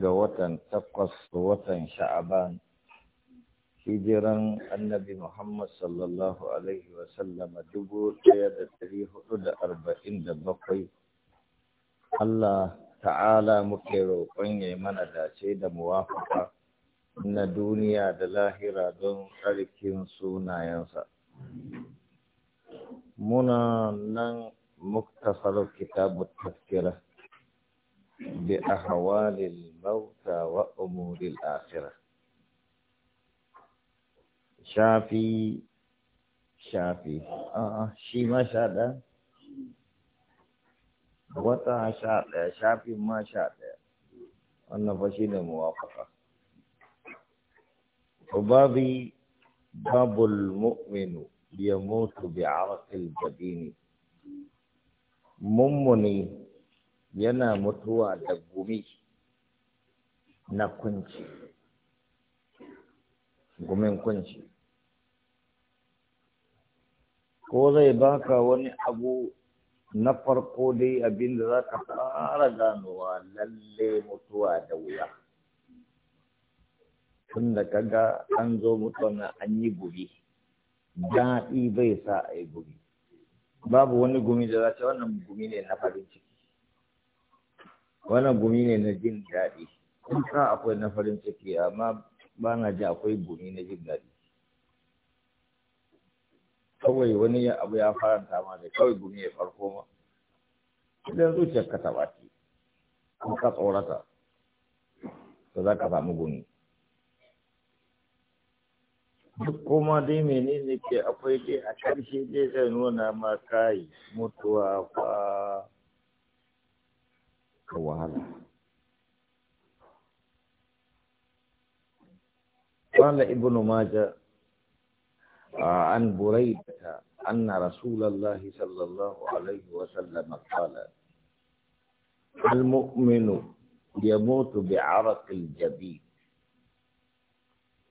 ga watan takwas ga watan sha'aban hijiran annabi Muhammad sallallahu Alaihi wa sallam dubu ɗaya da ɗari hudu da arba'in da bakwai. Allah ta'ala muke roƙon ya mana dace da muwafaka na duniya da lahira don ƙarfin sunayensa. Muna nan muktasar kitabu tafkira. بأحوال الموتى وأمور الآخرة شافي شافي آه شيما شادا وطا شادا شافي ما شادا أنا فشين موافقة وبابي باب المؤمن يموت بعرق الجبين ممني yana mutuwa da gumi na kunci gumin kunci ko zai baka wani abu na farko dai abin da za ka fara ganowa lalle mutuwa da wuya tun da kaga an zo mutuwa an yi gumi daɗi bai sa a yi gumi babu wani gumi da za ta wannan gumi ne na farin ciki wannan gumi ne na jin daɗi kun sa akwai na farin ciki amma ba na ji akwai gumi na jin daɗi kawai wani abu ya faranta ma da kawai gumi ya farko ma idan zuciyar ka taɓa ce kuma ka tsorata to za ka samu gumi duk koma dai menene ke akwai dai a ƙarshe dai zai nuna ma kai mutuwa fa da wahala قال ابن ماجه عن بريدة أن رسول الله صلى الله عليه وسلم قال المؤمن يموت بعرق الجبين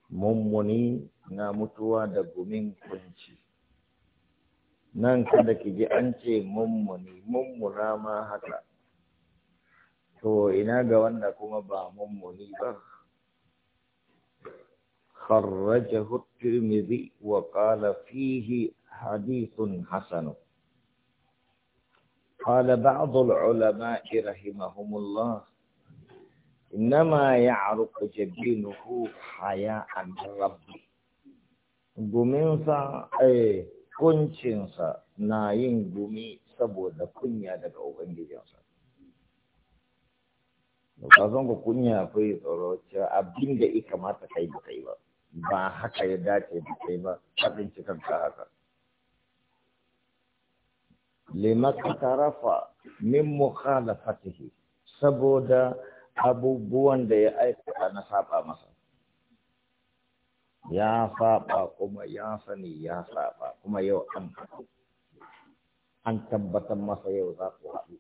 mummuni na mutuwa da gumin kunci nan kada ki ji an ce mummuni mummuna ma haka to ina ga wanda kuma ba mummuni ba kharrajahu tirmidhi wa qala fihi hadithun hasan qala ba'd al ulama rahimahumullah inma ya'ruqu jabinuhu haya an rabbi gumin sa eh kuncin sa na yin gumi saboda kunya daga Ubangijinsa. kasan ku kunya akwai tsoro cewa abin da ya kamata kai ba kai ba ba haka ya dace da kai ba kafin cikin ka haka limaka tarafa min mukhalafatihi saboda abubuwan da ya aikata na saba masa ya saba kuma ya sani ya saba kuma yau an tabbatar masa yau za ku haɗu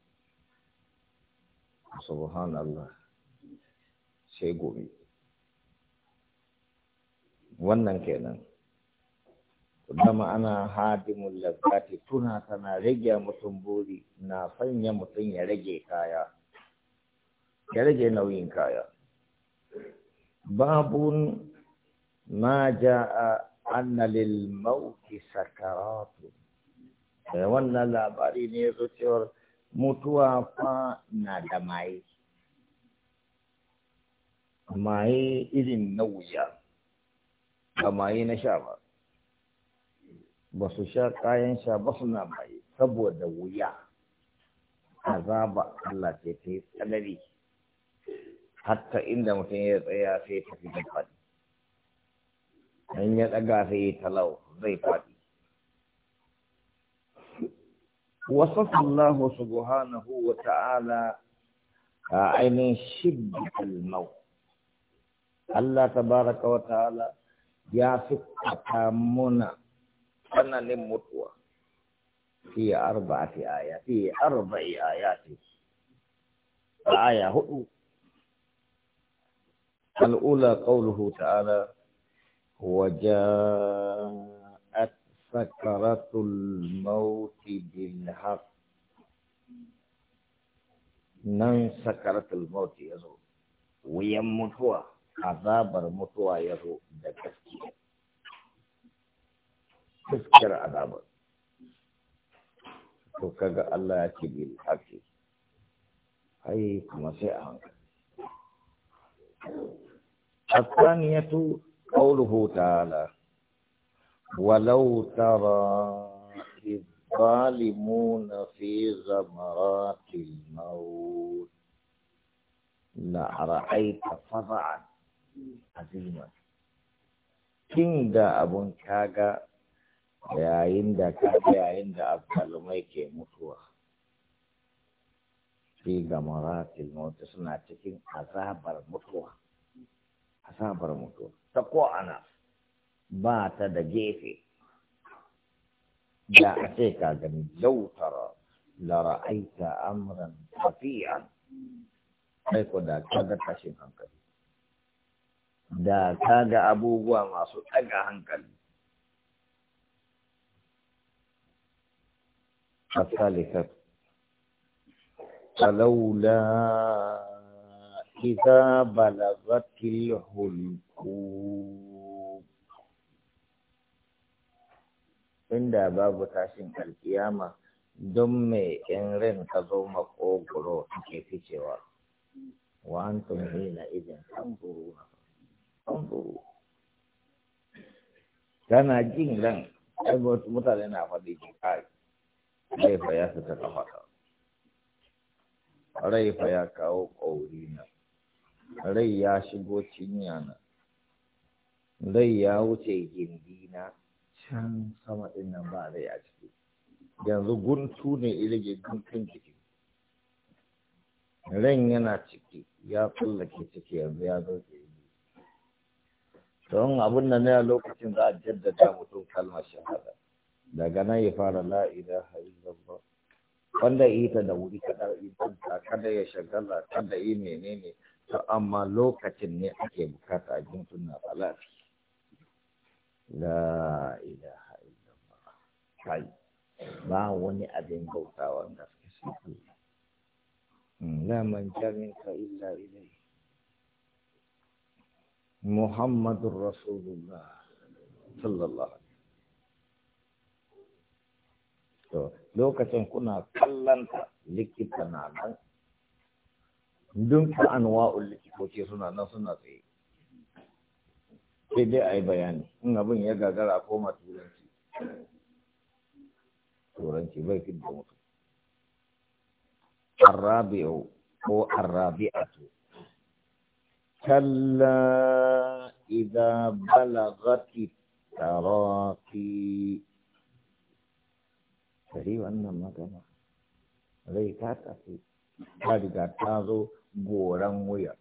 subhanallah sai gobe wannan kenan kuma ana hadimul lazzati tuna tana rage mutum buri na sanya mutum ya rage kaya ya rage nauyin kaya babun ma ja'a anna lil mauti sakaratu eh, wannan labari ne ya cewar mutuwa fa na da maye maye irin na wuya ba maye na sha ba ba su sha kayan sha ba su na maye saboda wuya azaba Allah ce ta yi tsanari, hatta inda mutum ya tsaya sai tafi da faɗi in ya ɗaga sai ya talau zai faɗi وصف الله سبحانه وتعالى عين شدة الموت الله تبارك وتعالى يا فكرة منا أنا لمتوى في أربعة آيات في أربع آيات آية هؤلاء الأولى قوله تعالى وجاء سكرات الموت بالحق نن سكرات الموت يزو ويم متوا عذاب المتوا يزو دكتي تذكر عذاب وكغا الله يكي بالحق أي كما سيأهان الثانية قوله تعالى ولو ترى إذ الظالمون في غمرات الموت لأرأيت فضعا عظيما tun da abun kaga yayin da kaga yayin da abdalumai ke mutuwa fi gamaratil mautu suna cikin azabar mutuwa azabar mutuwa ta ko ana با ته د جیفې دا هسې کاګنې لو ترى لرأيت امرا خفیعا ای خو دا کاګه تشین هنکلي دا أبو ابوبوه ماسو تګه هنکلي الثالثة فلولا إذا بلغت الحلقون inda babu tashin alkiyama don me in rin ka zo makogoro ke ficewa wa an tumhi na izin tamburu tamburu kana jin ran mutane na faɗi ki kai rai fa ya ta kafa rai fa ya kawo ƙauri na rai ya shigo cinya na rai ya wuce gindi na can sama ɗin nan ba rai a ciki yanzu guntu ne irage guntun jiki ran yana ciki ya tsallake ciki yanzu ya zo don abin da na lokacin za a jaddada mutum kalmar shahada daga nan ya fara la ilaha illallah wanda yi ta da wuri kaɗan, ta kada ya shagala kada yi menene to amma lokacin ne ake bukata a jin na la ilaha illallah ba wani abin bautawa da suke hmm, la manja illa muhammadur rasulullah sallallahu alaihi to lokacin kuna kallanta likita na nan dun ka anwa'ul likitoci suna nan suna tsaye sai dai a yi bayani in abin ya gagara a koma turanci turanci bai fi da mutu arrabi'u ko arrabi'atu kalla idza balagati taraqi sai wannan magana zai ta tafi ta riga ta zo goran wuya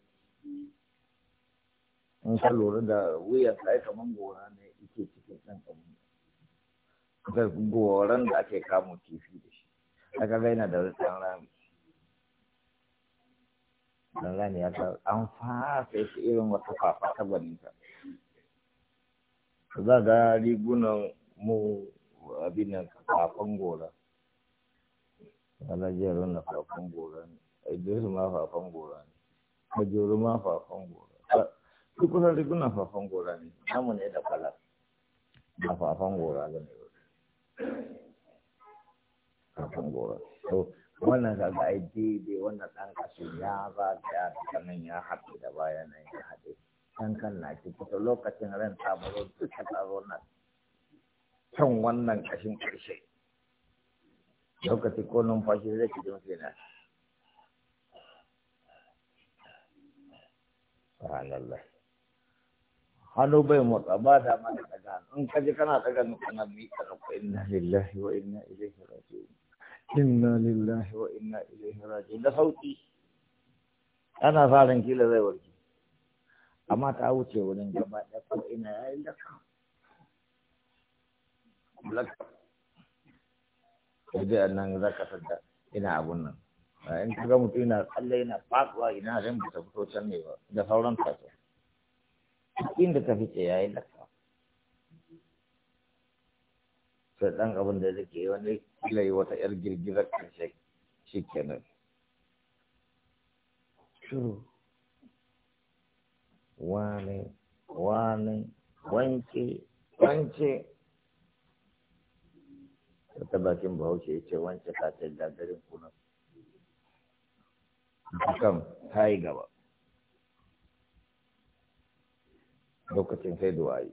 in ka lura da wuyan sai kamar gora ne yake cikin ɗan abu da goran da ake kamo kifi da shi aka ga yana da rutsan rami dan rami ya an fasa shi irin wata fafa ta gwaninta za ga rigunan mu abin nan fafan gora a jeru na fafan gora ne idris ma fafan gora ne majoru ma fafan gora su kusan na fafan gora ne namu ne da kwalar na fafan gora ba ne fafan gora to wannan ga ai daidai wannan dan kasu ya ba da kanan ya haɗu da baya nan ya haɗu can kan na ciki to lokacin ran ta ba tsaro nan can wannan kashin kashe lokaci ko numfashi zai ci jin kenan subhanallah hannu bai motsa ba da ma da daga in ka ji kana daga kana mi karfa inna lillahi wa inna ilaihi raji'un inna lillahi wa inna ilaihi raji'un da sauti ana farin kila zai warke amma ta wuce wurin gaba da ko ina yayi laka laka kaje annan zaka tada ina abun nan in ga mutum yana kalla, yana faduwa ina zan fita fito can ne ba da sauran tafiya inda ka fice ya yi lakka sai ɗan abin da zake wani kila yi wata yar girgizar ƙarshe shi kenan shuru wani wani wanke wance ta bakin bahaushe ya ce wance ta ce dadarin kunan kan ta yi gaba lokacin sai duwayi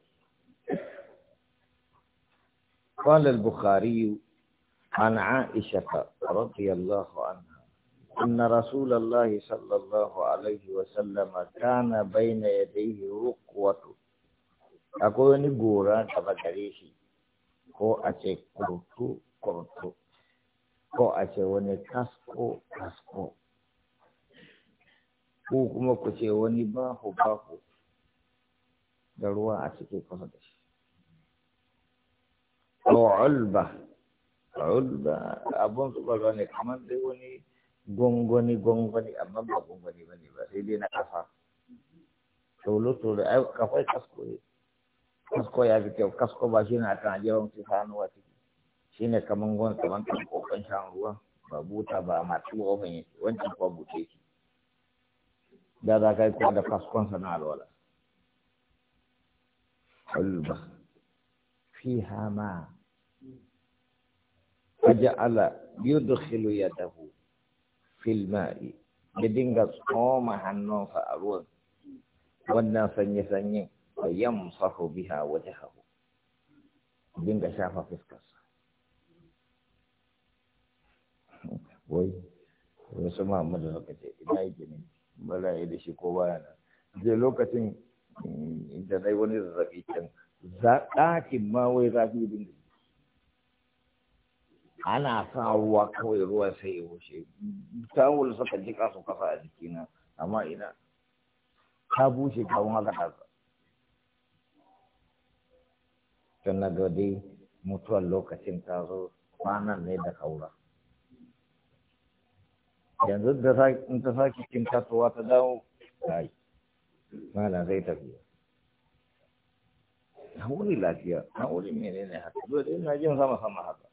قال البخاري عن an. رضي الله عنها أن رسول الله صلى الله عليه وسلم كان بين يديه رقوة أقول نقورا تبكريشي كو أتي كرتو كرتو ko a ce wani kasko kasko ko kuma ku ce wani bahu bahu da ruwa a cike kuma da shi ko ulba ulba su tsubaro ne kamar dai wani gongoni gongoni amma ba gongoni ba ne ba sai dai na ƙafa. tolo-tolo ai kafai kasko ne kasko ya fi kyau kasko ba shi na kan su wani hannuwa ciki shi ne kamar gwan kamar kan kokon shan ruwa ba buta ba masu ofin wancan kwa buce shi da za ka yi kuwa da kaskon sana'ar wala. حلبة فيها ماء فجعل يدخل يده في الماء بدنجز قوم حنو فأروز والناس يسني فيمصح بها وجهه بدنجز شافه في القصة وي وسمع مدرسة كتير ما يجيني ولا يدشي كوانا ذي لوكتين da dai wani zazzaɓi can ɗakin ma wai zafi dinga ana sa ruwa kawai ruwa sai ya wuce tawul suka jika su kasa a jikina amma ina ta bushe kawun haka ɗaza tun na dai mutuwar lokacin ta zo kwanan ne da kaura yanzu da in ta sake cin katowa ta dawo ta yi malam zai tafi na wuri lafiya na wuri mene ne haka dole ina jin sama sama haka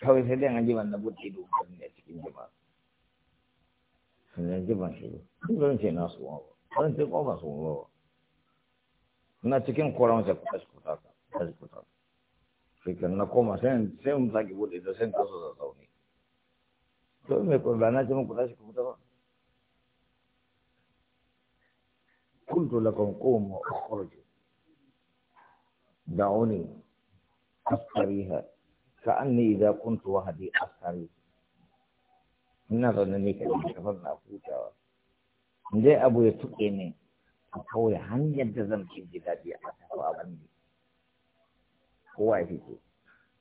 kawai sai dai an ji wannan buɗe dokar ne a cikin jama'a sannan ji ban shi ce na su ba zan ce ƙofa su ba na cikin koran sai kuka shi kuta ka shi kuta shi na koma sai sai mun sake buɗe da sai ta so da tsauni to me ko ba na ce mun kuta shi kuta ba قلت لكم قوموا اخرجوا دعوني أستريها كأني إذا كنت ina zaune ne kan shafar na dai abu ya tuƙe ne a kawai hanyar da zan ci gida daɗi a tafi a bandi kowa ya fito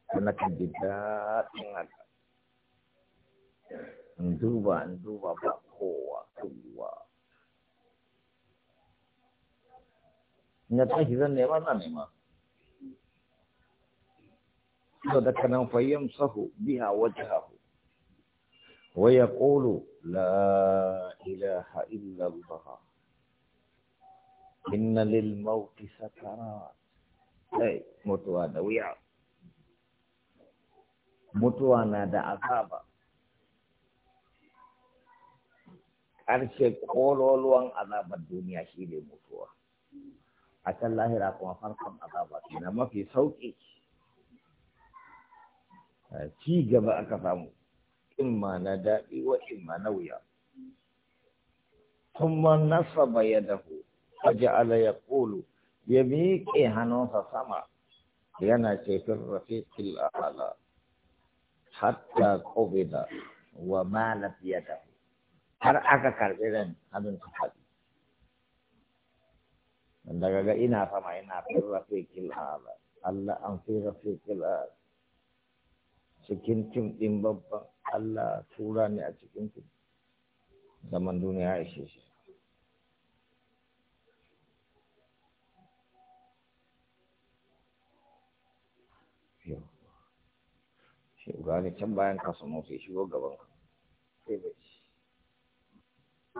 kuma kan ji daɗin haka in duba in duba ba kowa kowa na tashi zan nema zan nema sau da kanan fayyam sahu biha wajahahu wa yaqulu la ilaha illa allah inna lil mauti sakarat ai mutuwa da wuya mutuwa na da azaba ƙarshe ƙololuwan azabar duniya shi ne mutuwa عشان لا هي راقوا فرقا أضافت إنما في صوت إيش تيجا بقى كفامو إما ندائي وإما نويا ثم نصب يده فجعل يقول يميك إهانوس سما لأن شيخ الرفيق الأعلى حتى قبض ومالت يده هر أكا كاربيرن هذا الحديث daga ga ina sama ina firra fi kil'ala Allah an firra fi kil'ala cikin tim din babban Allah tura ne a cikin tim zaman duniya ishe shi shi gani can bayan kasa mafi shi shigo gaban ka sai bai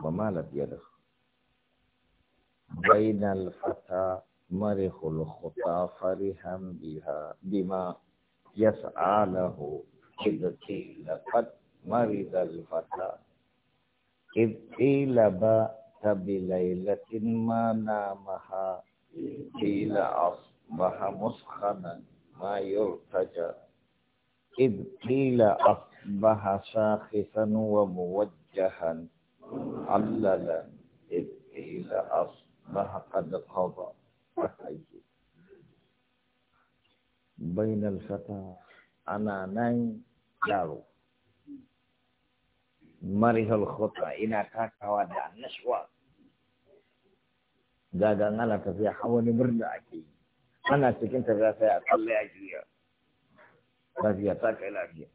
ba ma lafiya da su بين الفتى مرخ الخطى فرحا بها بما يسعى له إذ قيل قد مرض الفتى إذ قيل بات بليلة ما نامها قيل أصبح مسخنا ما يرتجى إذ قيل أصبح شاخصا وموجها عللا إذ قيل أصبح ضحك القاضى بين الفتى أنا نين دارو مريه الخطى إنا كاكا ودع نشوى daga ana tafiya har wani murna ake yi ana cikin tafiya sai a tsalle a jiya lafiya ta kai lafiya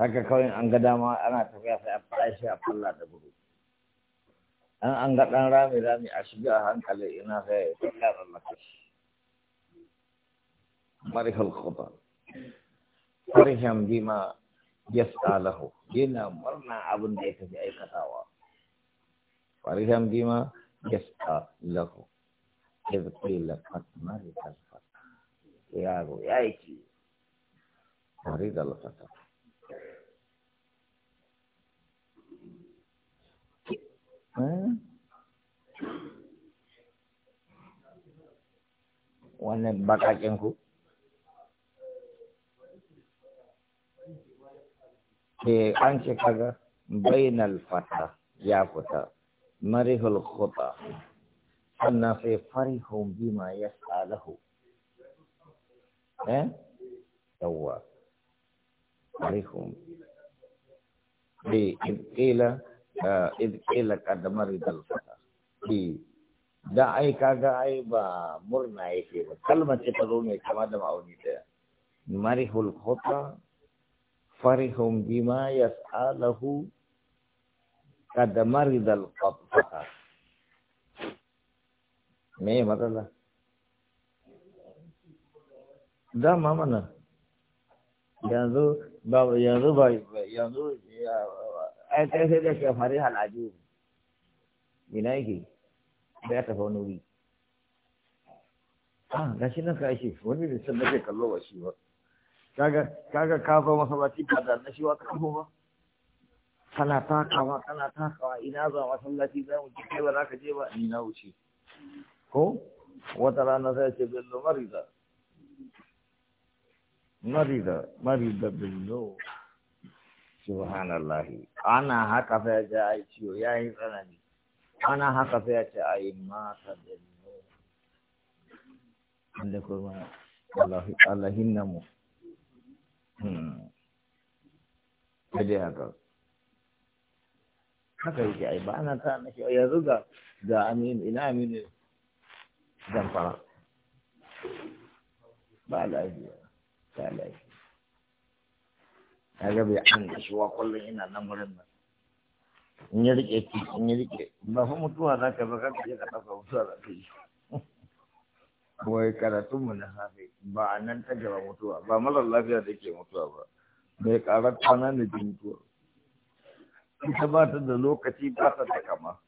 haka kawai an ga dama ana tafiya sai a fara shi a falla da gudu an an ga ɗan rami rami a shiga a hankali ina sai ya tsalla tsallaka shi marihal khutba fariham bima yas'alahu yana murna abin da ya tafi aikatawa fariham bima yas'alahu إذ قيل قد مرض الفتى يا يا مريض الفتى Eh? wannan bakakin ku ke eh, an ce kaga bainal fata ya fita marihul kuta, sannan sai farihun bima ya salahu eh yawwa farihun bi ƙila إذ قيل قد مرض الفتى da ai kaga ai ba murna yake ba kalmar ce ta zo mai kama da ma'auni daya marihul khutba farihum bima yas'alahu kad maridal qabta me matsala Da mana yanzu ba yanzu ba yanzu ai kai sai da shafari halaju ina yake da ya tafi wani wuri ah ga shi nan ka wani da sun nake kallo wa shi ba kaga kaga ka zo masallaci da na shi wa ka ba kana takawa kana takawa ina za masallaci za mu kai ba za ka je ba ni na wuce ko wata rana sai ce bello marida marida marida bello subhanallah ana haka fa yace ai ciwo yayi tsanani ana haka fa yace ai ma ka dinno inda kuma Allah Allah hinna mu hmm kaje haka haka yake ai ba ana ta nake yanzu ga ga amin ina amin zan fara ba lafiya ba lafiya ga bai an da shuwa kullum ina nan wurin nan in ya rike ki in ya rike ba fa mutuwa za ka ba ka je ka tafa mutuwa za ka yi wai karatun mu na safe ba a nan ta gaba mutuwa ba marar lafiya da ke mutuwa ba bai karar kwana da da mutuwa ita ba ta da lokaci ba ta da kama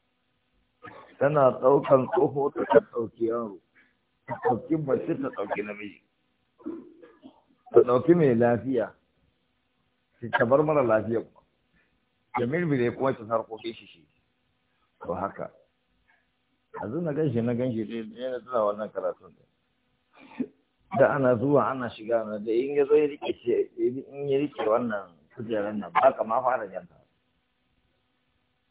tana ɗaukan tsoho ta ta ɗauki yaro ta ɗauki mace ta ɗauki namiji ta ɗauki mai lafiya Ka bar mara lafiya kuma ya ne kuma sarko ke shi shi to haka a na ganshi na ganshi ne yana zuwa wannan karatun ne da ana zuwa ana shiga na da in ya zo ya rike in rike wannan kujerar nan ba ka ma fara janta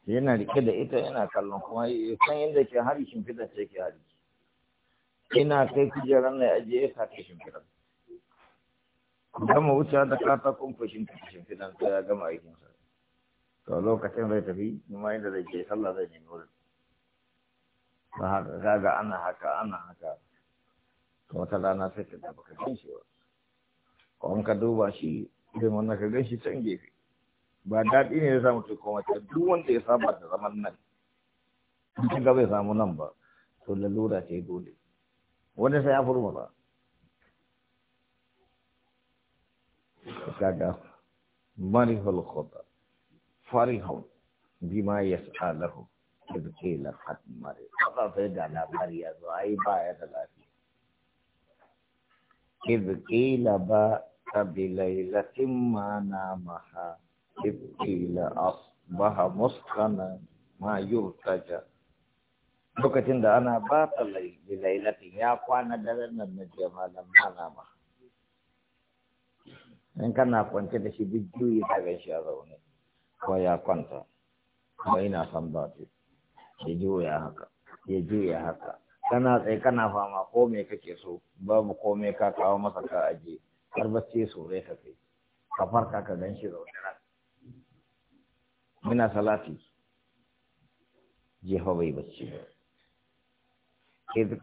yana rike da ita yana kallon kuma san yadda ke hari shimfiɗa ce ke hari ina kai kujerar nan ajiye ya sa ke shimfidar gama wuce da kun fushin kashin fidan sai ya gama aikin sa to lokacin zai tafi kuma inda zai ke sallah zai nemi wurin ba haka kaga ana haka ana haka to wata rana sai ka baka gan shi ba ko ka duba shi zai mana ka gan shi can gefe ba daɗi ne ya samu ta koma ta duk wanda ya saba da zaman nan in ga bai samu nan ba to lalura ce dole wanda sai ya furma ba kaga marihul khutba farihun bima yas'aluhu da ke la khatmar kaga sai da labari ya zo ai ba ya da lafiya إذ قيل بأت بليلة ما نامها إذ قيل أصبح مسخنا ما يرتجى lokacin da ana ba ta lailatin ya kwana daren nan na jama'a ma maha. in kana kwance da shi duk juyi ka gan shi a zaune ko ya kwanta kuma ina son ce. ya juya haka ya juya haka kana tsaye kana fama ko me kake so babu ko me ka kawo masa ka aje har ce so zai ka kai ka farka ka gan shi zaune na. muna salati jefa bai bacci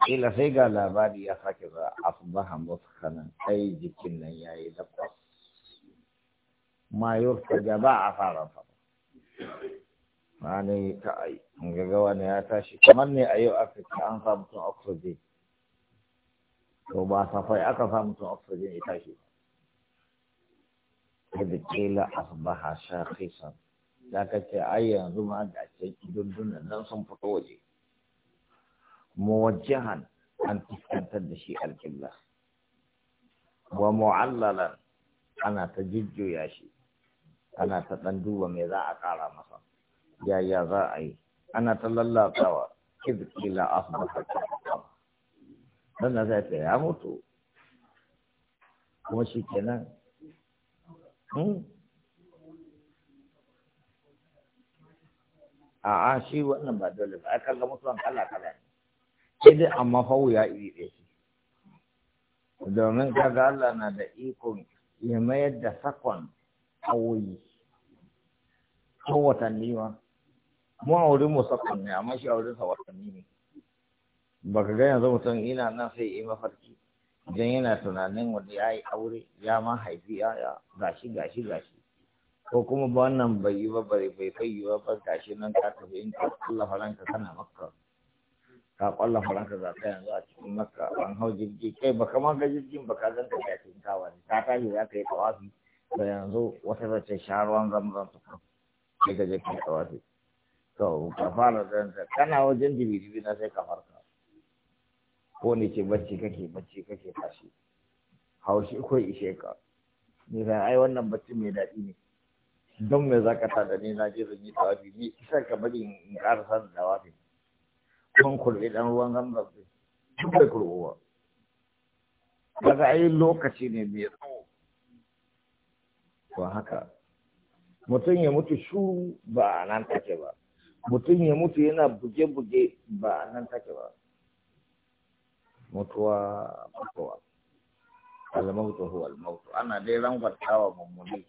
kila sai ga labari ya sake za a asbaha muskanan ai jikin nan yayi da kwas ma yurtaja ba a fara sa ma ne ka ga wani ya tashi kamar ne a yau afirka an samu tun oxygen to ba safai aka samu tun oxygen ya tashi kada kila asbaha shakhisan da ka ce ai yanzu ma da ce dundunan nan sun fito waje muwajjahan an fuskantar da shi alƙilla wa mu'allalan ana ta jujjuya shi ana ta ɗan duba me za a ƙara masa yaya za a yi ana ta lallatawa izkila asbaha sannan zai ta ya mutu kuma shi kenan hmm? a'a shi wannan ba dole ba kan ga mutuwan kala kala ne sai dai amma hau ya iri ɗaya shi domin kaga Allah na da ikon ya mayar da sakon kawai ko watanni ma mu a wurin musamman ne amma shi a wurin sa watanni ne baka ga yanzu mutum ina nan sai yi mafarki idan yana tunanin wanda ya yi aure ya ma haifi ya gashi gashi gashi ko kuma ba wannan bai yi ba bai bai kai yi ba gashi nan ka tafi in ka kwalla faranka kana makka ka kwalla faranka za ka yanzu a cikin makka an hau jirgi kai ba ma ga jirgin ba ka zan ka cikin kawai ne ka tashi za ka yi tawafi da yanzu wata zace sha ruwan zamzam tukun sai ka je ka tsawafi to ka fara zanta kana wajen dibi na sai ka farka ko ne ce bacci kake bacci kake tashi haushi ko ishe ka ni sai ai wannan bacci mai daɗi ne don me zaka ta da ni na je zan yi tawafi ni isa ka bari in ƙara san tawafi kun kurɓi dan ruwan zamzam duk bai kurɓuwa kaga ai lokaci ne mai tsawo to haka mutum ya mutu shuru ba a nan take ba mutum ya mutu yana buge-buge ba a nan take ba mutuwa mutuwa almautu huwa almautu ana dai rangwatawa mummuni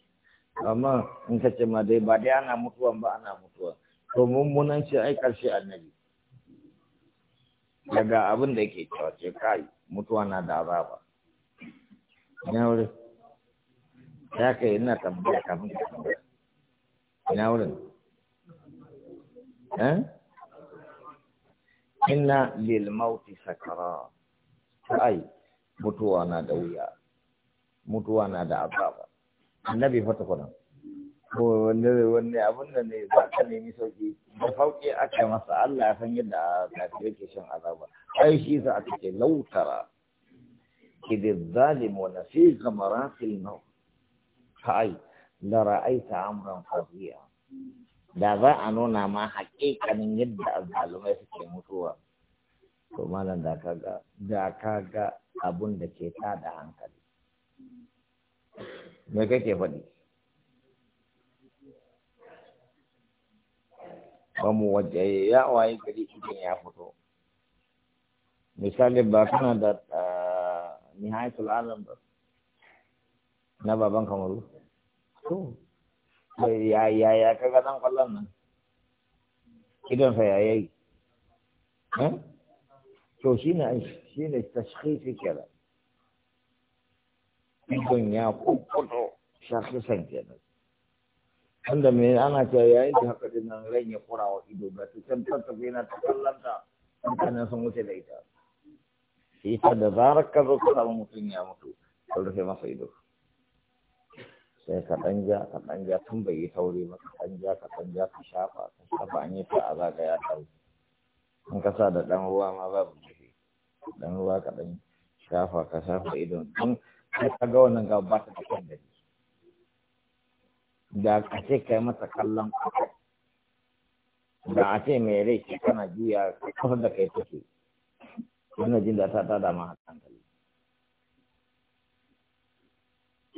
amma in ka ce ma dai ba dai ana mutuwa ba ana mutuwa to mummunan shi ai karshe annabi daga abin da yake cewa ce kai mutuwa na da azaba ne ya kai ina tambaya kafin ka tambaya ina wurin eh inna lil mauti sakara ai mutuwa na da wuya mutuwa na da azaba annabi fata kuna ko wanda wanne abun da ne za ka nemi sauki da fauki aka masa Allah ya san yadda kafin ke shan azaba ai shi sa aka ce lautara kidi zalimu na fi ghamaratil maut kai da ra'aita amran fadiya da za a nuna ma haƙiƙanin yadda azalumai suke mutuwa to malam da ka ga da ka ga abun da ke tada hankali me kake faɗi ba mu waje ya waye gari idan ya fito misali ba kana da ah, nihayatul alam ba na baban kamaru to ya ya ya kaga dan kwallon nan idan fa ya yayi eh? to shine shine tashkhisi kenan idon ya kukkuto shakhisan kenan wanda me ana cewa yayin da haka din nan ran ya kura wa ido ba ta can ta tafi na ta kallanta mutanen sun wuce da ita ita da zarar ka zo ka samu mutum ya mutu ka rufe masa ido sai ka ɗan ja ka ɗan ja tun bai yi taure ba ka ɗan ja ka ɗan ja ka shafa ka shafa an yi ta a za ka ya ɗau in ka sa da ɗan ruwa ma babu jiki ɗan ruwa ka ɗan shafa ka shafa idon tun sai ka ga wannan ga ba ta da kan gari da a ce kai masa kallon da a ce mai rai ke kana juya kusa da kai take wannan jin da ta tada ma hankali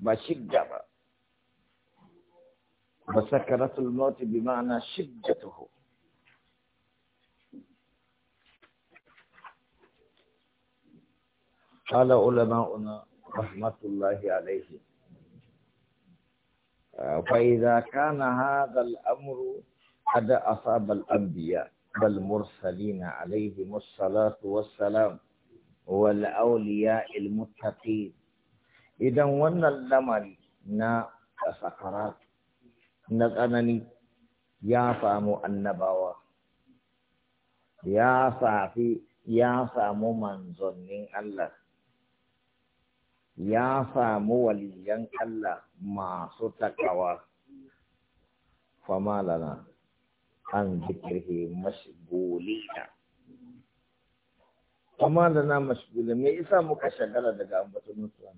ba shidda الموت بمعنى sakaratul قال علماؤنا رحمة الله عليه فإذا كان هذا الأمر قد أصاب الأنبياء والمرسلين عليهم الصلاة والسلام والأولياء المتقين idan wannan lamari na sakarat na tsanani ya samu annabawa ya safi ya samu manzonin Allah ya samu waliyan Allah masu takawa kuma lana an zikirhe mashigolina Kuma lana mashigolina me isa muka shagala daga ambatun mutuwa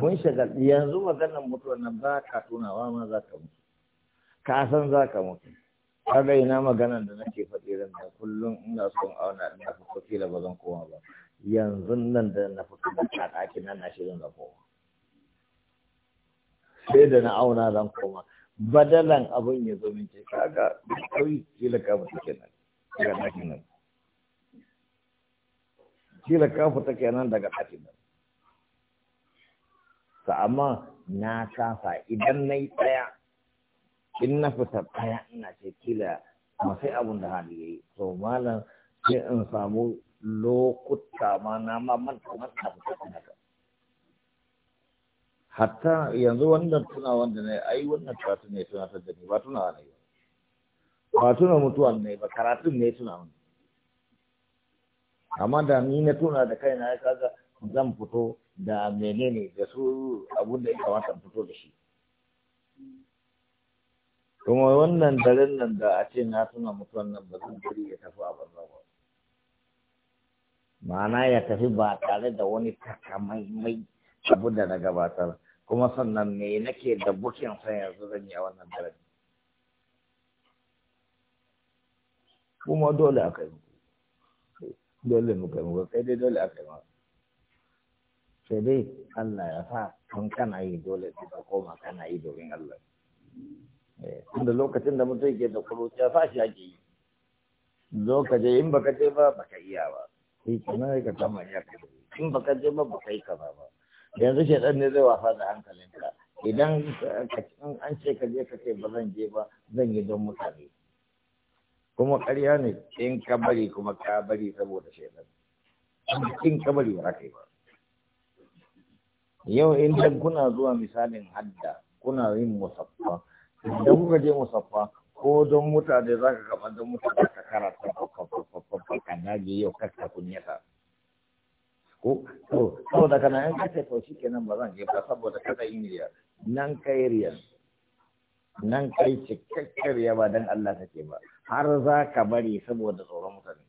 mun shagal yanzu maganar mutuwar nan ba ka tunawa ma za ka mutu ka san za ka mutu kaga ina maganar da nake faɗi ran da kullum ina son auna ina fito kila ba zan koma ba yanzu nan da na fito da ta ɗaki nan na shirin zan koma sai da na auna zan koma badalan abin ya zo min ce kaga kawai kila ka mutu kenan daga ɗakin nan kila ka fita kenan daga ɗakin nan sa amma na kasa idan na yi ɗaya in na fita ɗaya ina ce kila sai abun da hali ya yi to malam sai in samu lokuta ma na ma manta manta fita ɗaya hatta yanzu wannan tuna wanda ne ai wannan karatu ne tuna ta da ni ba tuna ne ba ba tuna mutuwan ne ba karatun ne tuna amma da ni na tuna da kai na ya kaga zan fito da menene da su abun da ya kamata fito da shi kuma wannan daren nan da a ce na tuna mutuwan nan ba zan bari ya tafi a banza ba ma'ana ya tafi ba tare da wani takamaimai abu da na gabatar kuma sannan me nake da bukin sa yanzu zan yi a wannan daren kuma dole aka yi dole muka yi muka kai dai dole aka yi maka sai dai Allah ya sa kan kana yi dole sai ka koma kana yi domin Allah eh, tunda lokacin da mutum ke da ya sa shi ake yi zo ka je in baka je ba baka iya ba sai kana ka kama ya ka in baka je ba baka yi kama ba yanzu shi ne zai wasa da hankalinka idan an ce ka je ka ce ba zan je ba zan yi don mutane kuma ƙarya ne in ka bari kuma ka bari saboda shaidan in ka bari ba ka yi ba yau idan kuna zuwa misalin hadda kuna yin musaffa idan kuka je musaffa ko don mutane za ka kama don mutane ka karanta ka dage yau kasta kunyata ko to saboda kana yan ka ce to shi kenan ba zan jefa saboda kada yin riya nan kai riya nan kai cikakken riya ba dan Allah kake ba har za ka bari saboda tsoron mutane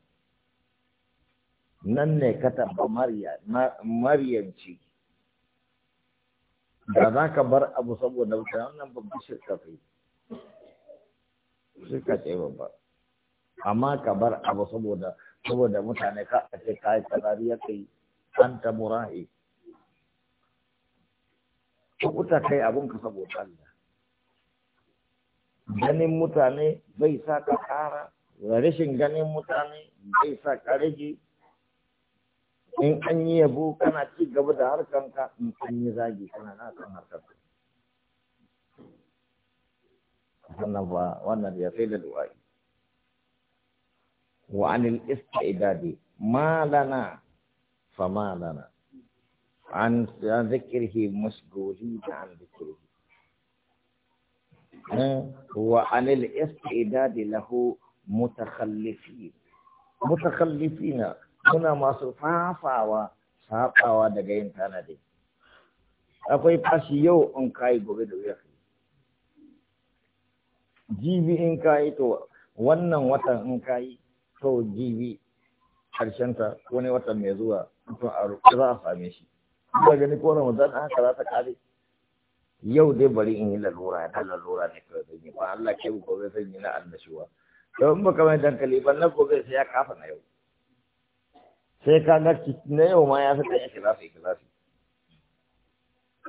nan ne ka tabba mariyanci da za ka bar abu saboda wuta wannan babban shirka kai shirka ce babba amma ka bar abu saboda saboda mutane ka a ce kai kazari ya kai an ta murahi kuta kai abun ka saboda Allah ganin mutane bai sa ka kara rashin ganin mutane bai sa ka rage in an yi yabo kana ci gaba da harkanka in an yi zagi kana na kan harkanka wannan ba wannan ya sai da du'a'i wa anil istidadi ma lana fa ma lana an zikrihi musguri ta an zikirhi wa anil istidadi lahu mutakhallifin mutakhallifina muna masu fafawa sabawa daga yin tanadi akwai fashi yau in yi gobe da wuya jibi in yi to wannan watan in yi to jibi ta wani watan mai zuwa to a roƙi za a same shi ba gani ko ramadan haka za ta kare yau dai bari in yi lalura ta lalura ne kawai zan yi ba Allah ke gobe zan yi na annashuwa to in ba kamar dankali ba na gobe sai ya kafa na yau sai ka ga na yau ma ya fi ɗan ikilasi ikilasi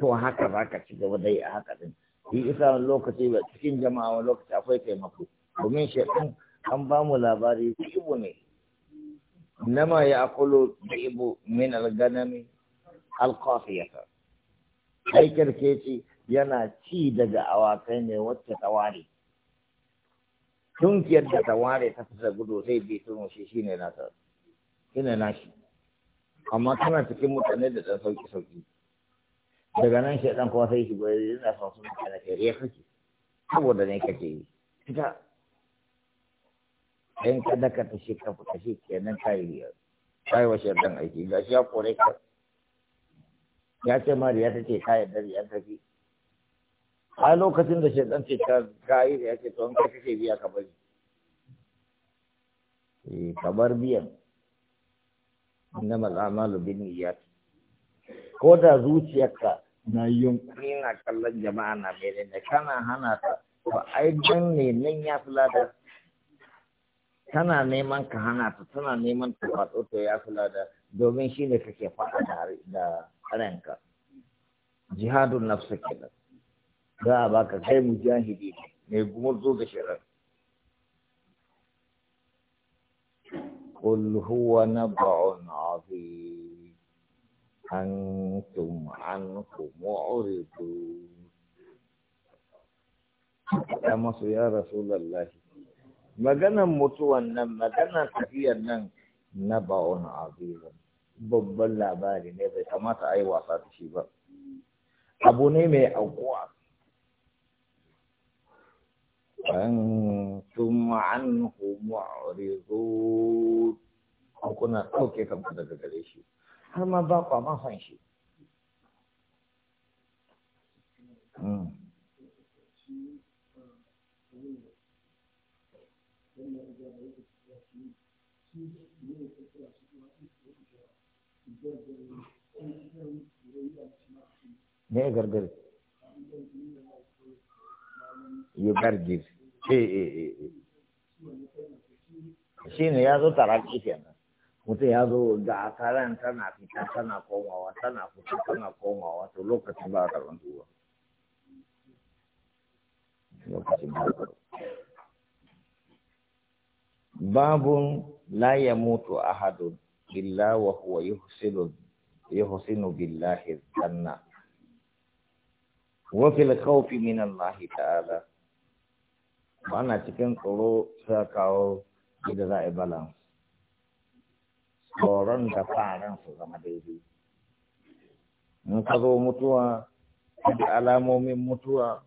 to haka za ka ci gaba dai a haka din yi isa lokaci ba cikin jama'a wani lokaci akwai taimako domin shaɗan an ba mu labari ibu ne nama ya akulu da ibu min alganami alkafiyata ai keci yana ci daga awakai ne wacce ta ware tunkiyar da ta ware ta fita gudu sai bi tuno shi na nasa na nashi amma tana cikin mutane da ɗan sauki sauki daga nan shaidan kuma sai shi goyi eh, yana son sun kana ke eh, riya kake saboda ne kake yi ita in ka daka ta shi ka fita shi kenan ka yi riya kai wa shaidan aiki ga shi ya kore ka ya ce ma riya ce ka yarda riya kake a lokacin da shaidan ce ka gayi da ya ce to in ka kake biya ka bari eh, ka bar biyan innama al'amalu binniyat ko da zuciyarka na yunkuri na kallon jama'a na menene kana hana ta to ai ne nan ya fi da. tana neman ka hana ta tana neman ta faɗo to ya fi da. domin shi ne kake faɗa da ranka jihadun nafsa kenan za a baka kai mujahidi ne mai gumurzo da shirar قل هو نبع عظيم أنتم عنه معرضون ya masu ya rasulallahi maganan mutuwan nan maganar tafiyar nan na ba'un azizun babban labari ne bai kamata a yi wasa da shi ba abu ne mai aukuwa an tumma an humu kuna ɗauke kanku daga gare shi har ma ba kwa ma san shi Ne hmm. gargari? Yi gargir. Eh, eh, eh, eh. Shi ne ya zo tara kenan. mutum ya zo ga asaran tana fita tana komawa tana fita tana komawa to lokacin ba a karɓar duba lokacin ba a babun la ya mutu ahadun illa wa huwa yuhsinu yuhsinu billahi dhanna wa fil khawfi min Allah ta'ala ana cikin tsoro sai kawo yadda za a balance tsoron da faran su zama daidai in ka zo mutuwa da alamomin mutuwa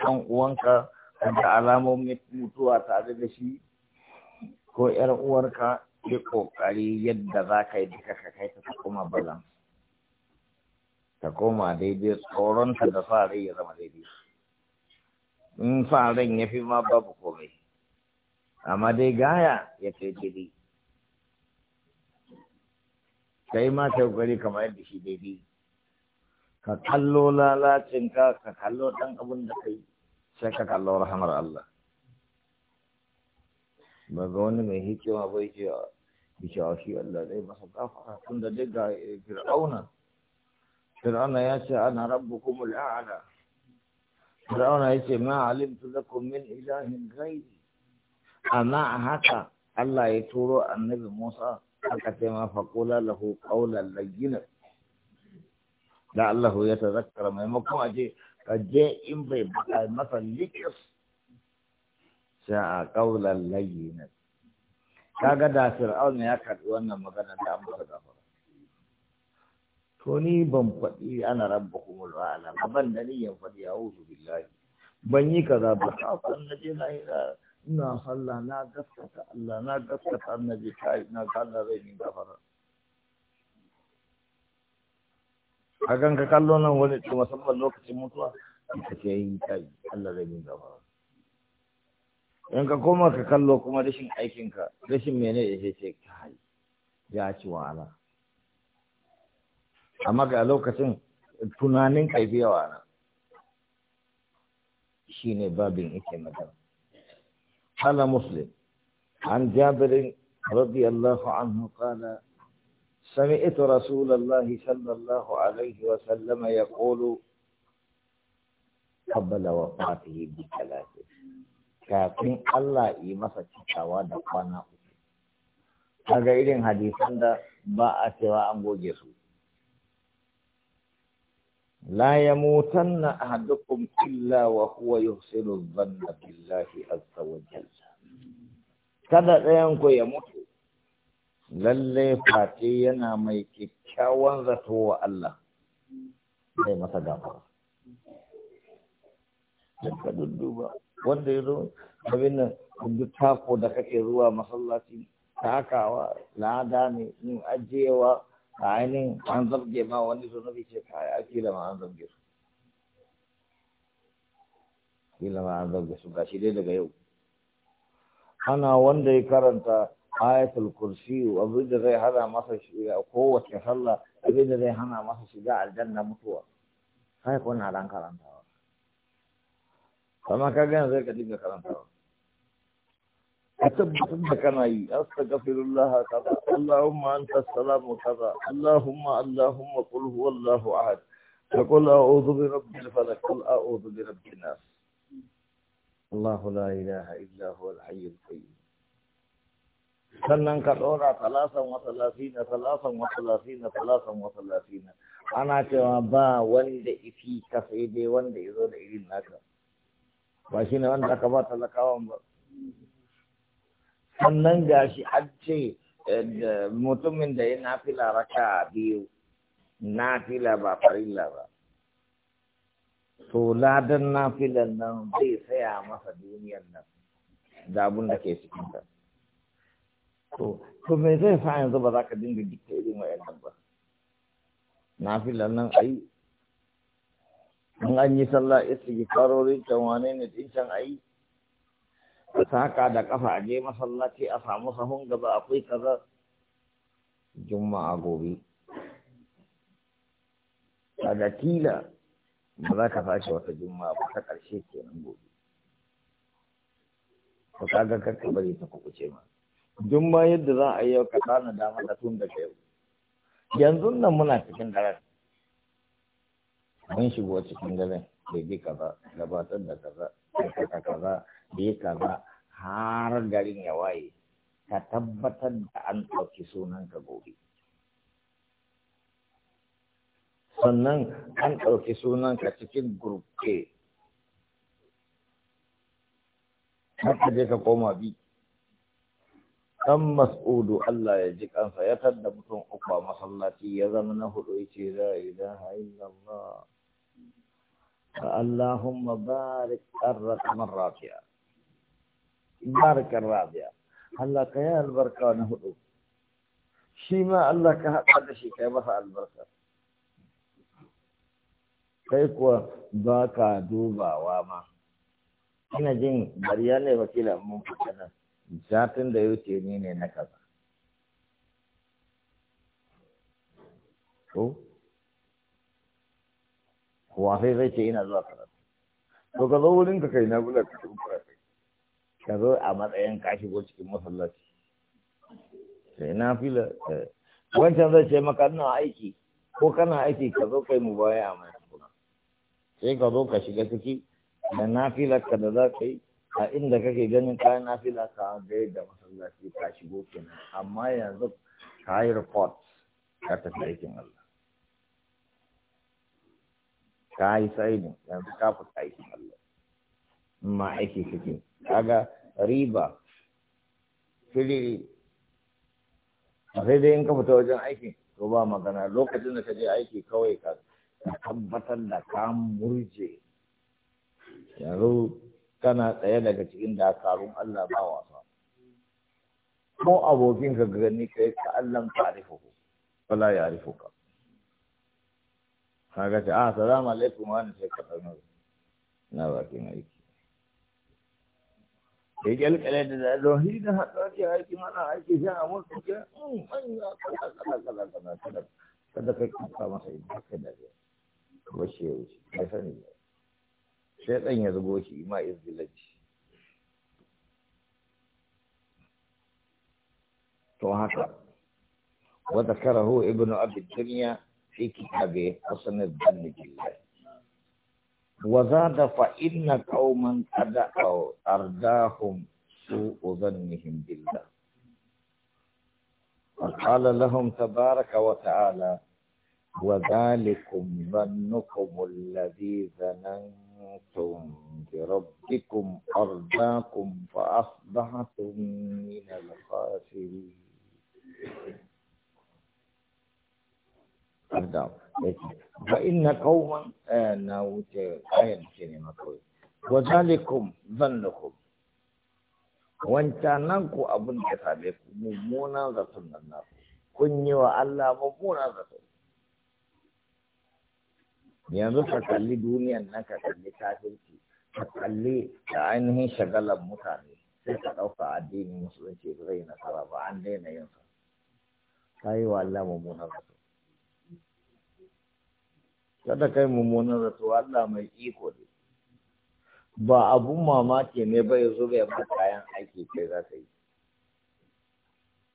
kan uwanka da alamomin mutuwa tare da shi ko ‘yar uwarka ke ƙoƙari yadda za ka yi duka ka kai ta koma balan ta koma daidai tsoronta da sa rai ya zama daidai in sa ya fi ma babu komai amma dai gaya ya kai daidai ka yi mata kokari kamar yadda shi daidai ka kallo lalacinka ka kallo ɗan abin da kai sai ka kallo rahamar Allah ba ga wani mai hikima bai yake cewa shi Allah zai masa gafara tun da daga fir'auna fir'auna ya ce ana kuma a'la fir'auna ya ce ma alimtu lakum min ilahin ghairi amma haka Allah ya turo annabi Musa aka ce ma faƙula lahu ƙaunar laginar da Allah ya tazakkara maimakon a ce ka je in bai baka masa likis sha a ƙaunar Ka ga da fir'aun ya karɓi wannan magana da an masa gafara to ni ban faɗi ana rabba kuma ala ban da niyyar faɗi a wuzu billahi ban yi kaza ba san na je na yi ina sallah na gaskata Allah na gaskata annabi kai na ga Allah zai min gafara hakan ka kallo nan wani to musamman lokacin mutuwa ka ce yi kai Allah zai yi gafara in ka koma ka kallo kuma rashin aikinka rashin mene ya ce ce kai ya ci wahala amma ga lokacin tunanin kai biya na shi ne babin yake magana قال مسلم عن جابر رضي الله عنه قال سمعت رسول الله صلى الله عليه وسلم يقول قبل وفاته بثلاثة kafin Allah yi masa cikawa da kwana uku. Kaga irin hadisan da ba a cewa an goge su. لا يموتن أحدكم إلا وهو يحسن الظن بالله عز وجل kada ɗayan ku ya mutu lalle fati yana mai kyakkyawan zato wa Allah zai masa gafara ka dudduba wanda ya zo abin nan duk tako da kake zuwa masallaci takawa lada ne yin ajiyewa a ainihin an zabge ma wani zunubi ce kaya? a kila ma an zabge su kila ma an zabge su gashi dai daga yau ana wanda ya karanta ayatul kursi abin da zai hana masa shiga kowace sallah abin da zai hana masa shiga aljanna mutuwa kai ko na dan karantawa kamar ka ga zai ka dinga karantawa ka tabbatar da kana yi astaghfirullah kaza allahumma anta salamu kaza allahumma allahumma qul huwallahu ahad ka qul a'udhu bi rabbil falaq qul a'udhu bi rabbin nas allah la ilaha illa huwa al-hayy sannan ka ɗora talasan wa talasina talatin wa talasina talasan wa talasina ana cewa ba wanda ifi ka sai dai wanda ya zo da irin naka ba shi ne wanda aka ba talakawan ba sannan gashi an ce eh, mutumin da ya nafila raka biyu nafila ba farilla ba to ladan nafilan nan zai saya masa duniyar nan da abun da ke cikinta to to me zai sa yanzu ba za ka dinga dikta irin wa'annan ba nafilan nan ai in an yi sallah istighfarorin can wane ne din can ai Ka saka da kafa a je masallaci a samu sahun gaba akwai kaza juma'a gobe daga kila ba za ka fashe wata juma'a ba ta ƙarshe kenan gobe ka kaga karka bari ta ce ma juma'a yadda za a yi yau ka tana dama da tun ta yau yanzu nan muna cikin daren mun shigo cikin daren bai bi kaza gabatar da kaza kaza kaza yi kaza har garin ya waye ka tabbatar da an ɗauki sunanka gobe sannan an ɗauki sunanka cikin gurke haka je ka koma bi dan mas'udu Allah ya ji kansa ya tadda mutum uku a masallaci ya zama na hudu yace la ilaha illallah اللهم بارك الرقم الرافع barkan rabiya Allah ka yi albarka na huɗu. shi ma Allah ka haɗa da shi kai masa albarka kai kuwa ba ka dubawa ma ina jin bariya ne wakila mun fita zatin da yauce ni ne na kaza ko zai ce ina zuwa karatu to ka zo wurin ka kai na gula ka zo a matsayin ka shigo cikin masallaci sai na fila eh. wancan zai ce maka ina aiki ko kana aiki ka zo kai mu baya mai kuna. sai ka zo ka shiga ciki da fila ka da za ka yi a inda kake ganin kayan fila ka ga da masallaci ka shigo kenan amma yanzu ka yi report ka tafi aikin Allah ka yi sa'idin yanzu ka fita aikin Allah ma aiki suke kaga riba fili a sai dai in ka fita wajen aiki to ba magana lokacin da ka je aiki kawai ka tabbatar da ka murje yanzu kana tsaye daga cikin dakarun Allah ba wasa ko abokin ka gani kai ka Allah ka arifuhu wala ya ka kaga a ah, salamu alaikum wani sai ka sanar na bakin aiki ya kyalkyale da zazzafi da haɗuwa ke aiki mana aiki shi a mutu ke mun mm, kala kala kala kala kala kada kai kuka masa yin haka da zai ba shi ya wuce ya sani ne sai ɗan ya zubo shi ma izgilaci to haka wa zakarahu ibnu abi dunya fi kitabe hasan ad-dhanni billahi وزاد فإن قوما أدعوا أرداهم سوء ظنهم بالله وقال لهم تبارك وتعالى وذلكم ظنكم الذي ظننتم بربكم أرداكم فأصبحتم من الخاسرين أرداكم fa inna qauman eh, na wuce kayan ce ne makawai wa zalikum zannukum wancanan ku abin da same ku mummunan zaton nan na kun yi wa Allah mummunan zaton yanzu ka kalli duniyan nan ka kalli kafirci ka kalli da ainihin shagalan mutane sai ka ɗauka addinin musulunci zai nasara ba an daina yin sa ka yi wa Allah mummunan zaton kada kai mummunan zato Allah mai iko ne ba abun mamaki ne ba ya zo ga yamma kayan aiki kai za ka yi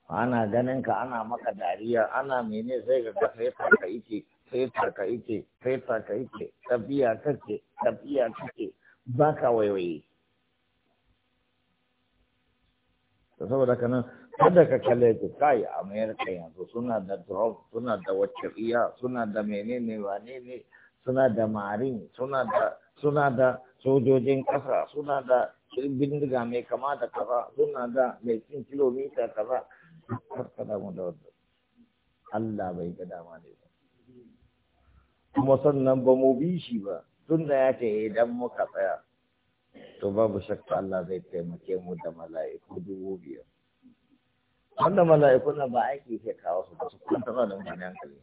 ana ganin ka ana maka dariya ana mene sai ka ga sai ka ike sai ka ike sai ka ike tafiya kake tafiya kake ba ka waiwaye saboda kanan kada ka kalle ta kai america yanzu suna da drug suna da iya suna da menene wane ne suna da marin suna da suna da sojojin kasa suna da bindiga mai kama da kaza suna da mai cin kilomita kaza kada mu da wanda Allah bai ga dama ne kuma sannan ba mu bi shi ba tun da ya ce idan muka tsaya to babu shakka Allah zai taimake mu da mala'iku dubu biyar wanda mala'ikun nan ba aiki ke kawo su ba su kwanta ba da mutane hankali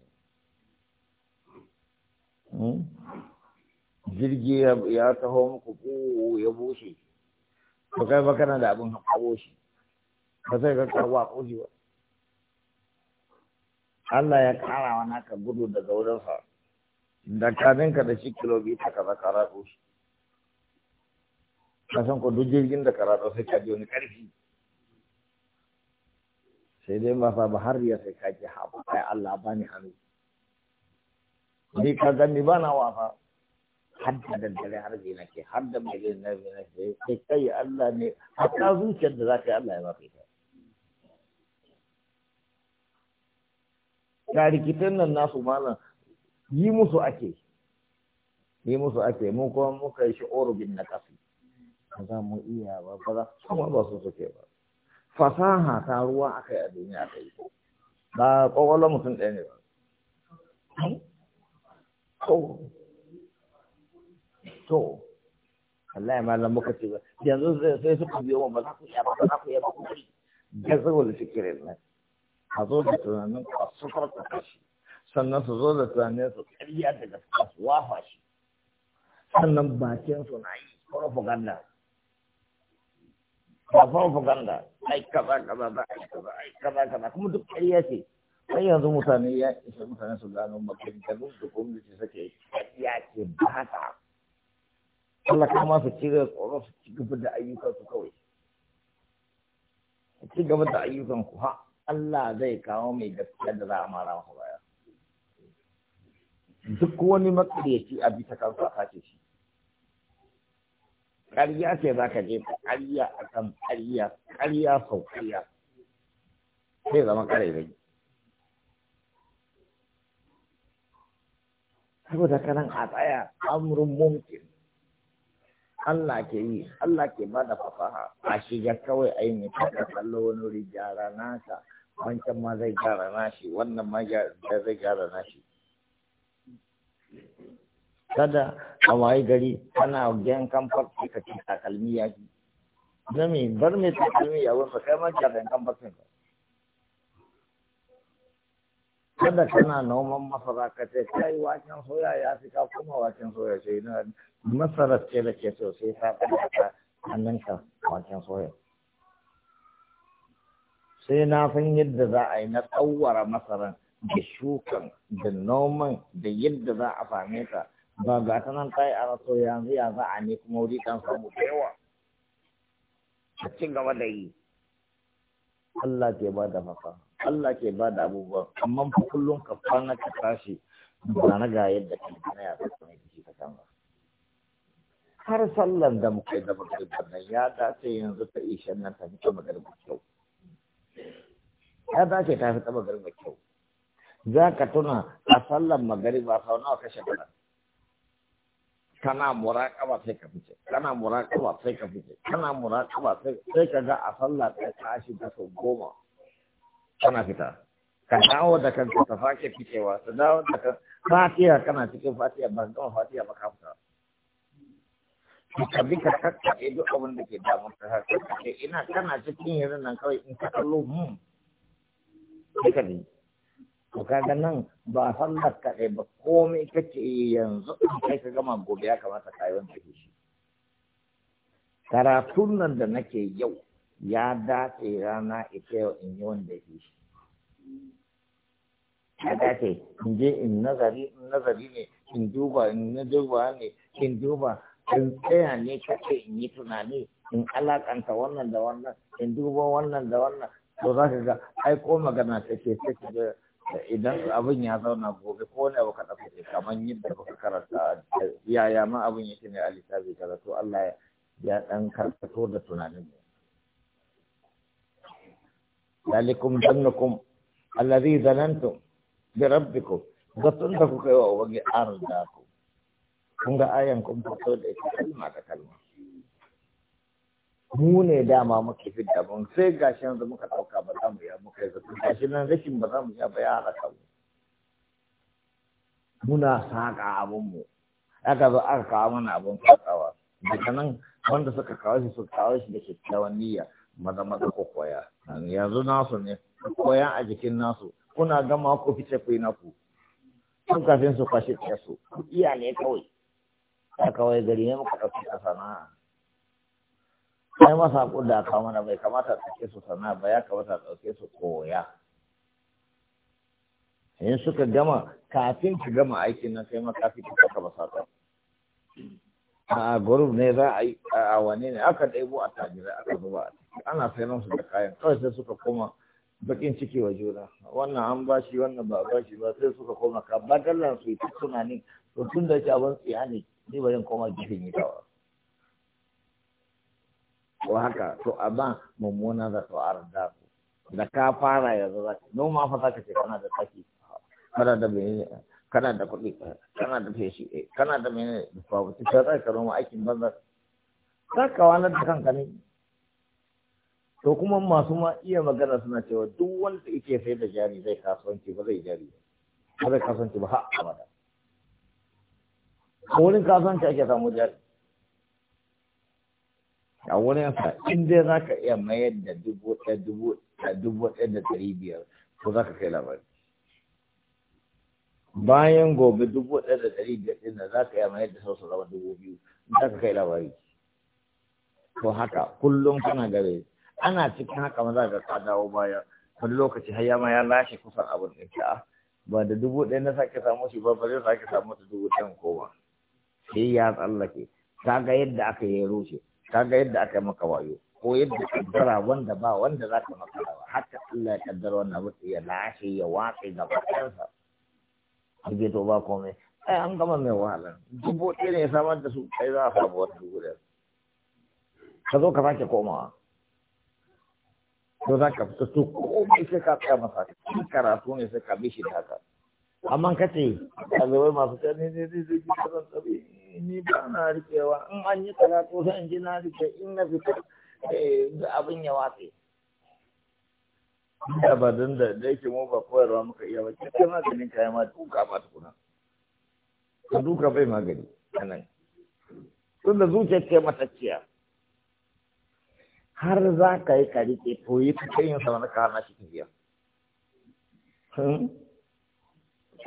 hmm? jirgi ya taho muku ko ya bushe to kai ba kana da abin haƙawo shi ba sai ka kawo a ƙoshi ba Allah ya ƙara wa naka gudu daga wurinsa da kaninka da shi kilomita kaza ka ratso shi ka san ko duk jirgin da ka sai ka ji wani ƙarfi sai dai ba ba har ya sai kake haɓu ai Allah ba ni hannu ni ka gani ba na wafa har da daddare har zai nake har da mai zai na zai nake sai kai Allah ne hatta zuciyar da za ka yi Allah ya mafi ita ga rikitan nan nasu malam yi musu ake yi musu ake mu kuma muka yi shi orubin na kasu ba za mu iya ba ba za su ba su suke ba fasaha ta ruwa aka yi a duniya aka yi ba kwakwalwar mutum ɗaya ne ba to Allah ya malam muka ce ba yanzu sai suka biyo ba za ku iya ba za ku iya ba ku kai ga da fikirin nan a zo da tunanin a farko da kashi sannan su zo da tunanin su ƙarya daga kwasu su wafa shi sannan bakin su na yi propaganda ba propaganda ai kaba kaba ba ai kaba ai kaba kaba kuma duk ƙarya ce sai yanzu mutane ya isa mutane su gano maganganun da gwamnati suke ƙarya ce ba haka Allah kuma su cire tsoro su ci gaba da ayyukan su kawai su ci gaba da ayyukan ku ha Allah zai kawo mai gaskiya da za a mara masa baya duk wani makaryaci a bisa kansa a kace shi ƙarya ce za ka jefa ƙarya a kan ƙarya ƙarya sau ƙarya sai zama ƙarairayi saboda kanan a tsaya amurin mumkin Allah ke yi Allah ke ba da fasaha a shiga kawai a yi ne kada kallo wani wuri gyara nasa wancan ma zai gyara nashi wannan ma zai gyara nashi kada a waye gari kana gyan kamfar ka ce takalmi ya ji na me bar mai takalmi ya wasa kai ma kyaran kamfar ka kada kana noman masara ka ce kai waken soya ya fi ka kuma waken soya ce na masara ce da ke sosai ta hannun ka waken soya sai na san yadda za a yi na tsawara masaran da shukan da noman da yadda za a same ta ba ga ta nan ta yi a raso yanzu ya za a ne kuma wuri kan samu da yawa a ci gaba da yi Allah ke ba da mafa, Allah ke ba da abubuwa amma fa kullum ka fana ka tashi ba na ga yadda ka yi na yasa mai yi ka kama har sallan da muka yi da muka da nan ya dace yanzu ta ishan nan ta fi ta magarba kyau ya dace ta fi ta magarba kyau za ka tuna a sallan magariba sau nawa kashe shekara kana muraƙaba sai ka fice kana muraƙaba sai ka fice kana muraƙaba sai ka ga a sallah ta tashi da sau goma kana fita ka dawo da kanka ta sake fitewa ta dawo da kan fatiha kana cikin fatiha ba gama fatiha ba ka fita ka bi ka kakkaɓe duk abin da ke damun ka kakkaɓe ina kana cikin yanzu nan kawai in ka kallo hmm sai ka to kaga nan ba sallar kaɗai ba komai kace yanzu kai ka gama gobe ya kamata ka yi wanda ke shi karatun nan da nake yau ya dace rana ita yau in yi wanda ke shi ya dace in je in nazari in nazari ne in duba in na duba ne in duba in tsaya ne kace in yi tunani in alakanta wannan da wannan in duba wannan da wannan to za ka ga ai ko magana take take da idan abin ya zauna gobe ko ne abu ka ɗauka kamar yadda baka karanta yaya ma abin yake ne a littafi kaza to Allah ya ɗan karkato da tunanin mu dalikum zannakum alladhi zanantum bi rabbikum zaton da kuka yi wa ubangi arda ku kun ga ayan kun fito da ita kalma da kalma mu ne dama muke fi daban sai gashi yanzu muka ɗauka ba za mu ya muka yi zafi gashi nan rashin ba za mu ya ba ya halaka mu muna saƙa abinmu aka zo aka kawo mana abin fasawa daga nan wanda suka kawo shi suka kawo shi da kyakkyawan niyya maza maza ko koya yanzu nasu ne koya a jikin nasu kuna gama ko fice ku yi naku sun kafin su kwashe su iya ne kawai ya kawai gari ne muka ɗauki a sana'a kai masa ko da ka mana bai kamata a ɗauke su sana'a ba ya kamata a ɗauke su koya in suka gama kafin ka gama aikin na, kai ma kafin ka saka a gurub ne za a yi a wane ne aka ɗaibo a tajirai aka zuba a ciki ana sayan su da kayan kawai sai suka koma bakin ciki wa juna wannan an ba shi wannan ba ba shi ba sai suka koma ka ba su yi to tun da shi abin tsiya ne ni ba zan koma gifin yi dawa ko haka to a amma mummuna za ta arda ku da ka fara yanzu za ka noma fa za ka ce kana da taki kana da mai kana da kuɗi kana da feshi eh, kana da mai da fafuci sai za ka noma aikin banza za ka wanar da kanka ne to kuma masu ma iya magana suna cewa duk wanda yake sai da jari zai kasuwanci ba zai jari ba zai kasuwanci ba ha abada a wurin kasuwanci ake samu jari a wani sa in dai za ka iya mayar da dubu ɗaya dubu dubu ɗaya da ɗari biyar ko za ka kai labari bayan gobe dubu ɗaya da ɗari biyar ɗin da za ka iya mayar da sausa zama dubu biyu za ka kai labari to haka kullum kana gare ana cikin haka maza ga ka dawo baya wani lokaci har yama ya lashe kusan abin da ke ah, ba da dubu ɗaya na sake samu shi ba ba zai sake samu ta dubu ɗan ko ba sai ya tsallake Ta ga yadda aka yi rushe kaga yadda aka yi maka wayo ko yadda kaddara wanda ba wanda za ka maka wayo hatta Allah ya kaddara wannan abu ya lashe ya watse gaba ɗansa kage to ba komai ai an gama mai wahala dubu ɗaya ne ya samar da su kai za a samu wata dubu ɗaya ka zo ka sake komawa to za ka fita to komai sai ka tsaya masa cikin karatu ne sai ka bi shi taka amma ka ce ɗalibai masu tsanani ne zai zai zai zai ni ba na rikewa in an yi karatu zan ji na rike in na fita da eh, abin ya watsi. da ba dan da da yake mu ba koyarwa muka iya ba cikin maganin kayan ma duka ba tukuna ka duka bai magani anan da zuciyar ce matacciya har za ka yi ka riƙe to yi ta yin sama na kana shi tafiya hmm?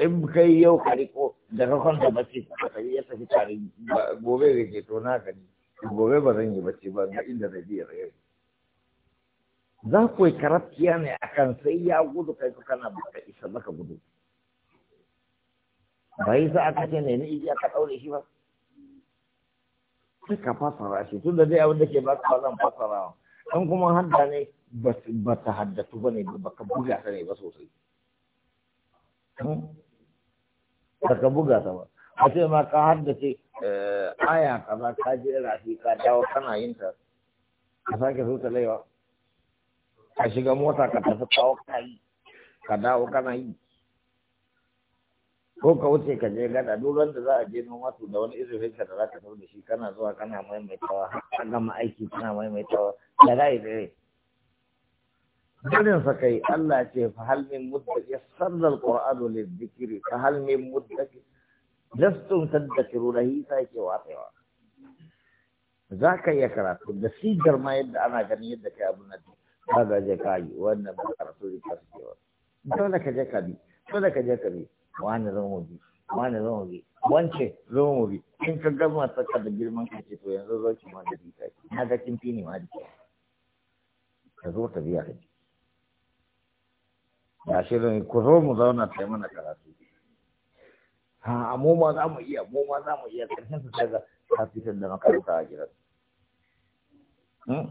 in kai yau ka riko da ka kwanta ka tafi ya tafi tare gobe da ke to na gani gobe ba zan yi bacci ba ga inda zai biya rayu za ku yi karatiya ne a kan sai ya gudu kai ka kana baka isa baka gudu ba yi sa aka ce ne ni iji aka ɗaure shi ba sai ka fasara shi tun da zai abin da ke ba ka zan fasara don kuma hadda ne ba ta haddatu ba ne ba ka buga ta ne ba sosai hmm? baka buga ta ba a ce ma ka haddace eh, aya kaza ka je rafi ka dawo kana yin ta ka sake so laiwa ka shiga mota ka tafi kawo ka yi ka dawo kana yi ko ka wuce ka je gada duk da za a je noma su da wani irin ka da za ka da shi kana zuwa kana maimaitawa har gama aiki kana maimaitawa da ra'ayi a yi barin sa kai Allah ce fa hal min muddaki sallal qur'anu lizikri fa hal min muddaki lastum tadhakiruna hi sai ke watsewa zaka iya karatu da sigar ma yadda ana gani yadda kai abu na ba ga je kai wannan ba karatu da kasewa dole ka je ka bi dole ka je ka bi wani mu bi wani mu bi wance mu bi Kin ka gama saka da girman ka ce to yanzu zo ki ma da bi na ga kin fini ma da ka zo ta biya ka ga shi da ku zo mu zauna ta yi mana karatu ha mu ma za mu iya mu ma za mu iya karshen su sai daga hafisan da makaranta a gidan hmm?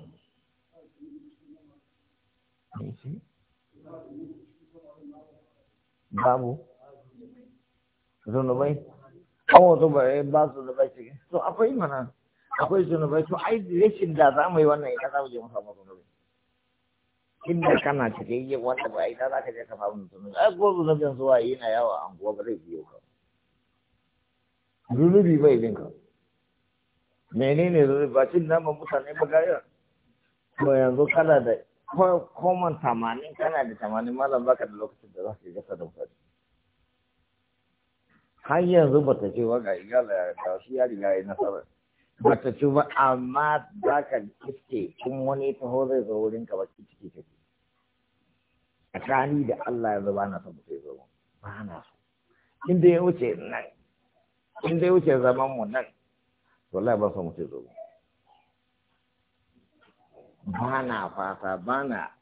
babu zunubai an wasu bare ba su eh, zunubai cikin to akwai mana akwai zunubai to ai rashin da za mu yi wannan idan za mu je mu samu zunubai inda kana cike yi wanda ba ita za ka je ka mutum a ai ko zunubin zuwa yana yawa an kuwa ba zai biyo ka zunubi bai bin ka menene zunubi ba cin naman mutane ba gaya ba yanzu kana da koman tamanin kana da tamanin malam baka da lokacin da za ka yi gasa da mutane har yanzu ba ta ce wa ga igala ya shi ya riga ya nasarar ba ci ba amma za ka kiske in wani taho zai zo wurin ka baki ciki ciki tsakani da Allah yanzu ba na son mutum zo ba na so in dai wuce nan in dai wuce zaman mu nan wallahi ba son mutum zo ba na fata ba na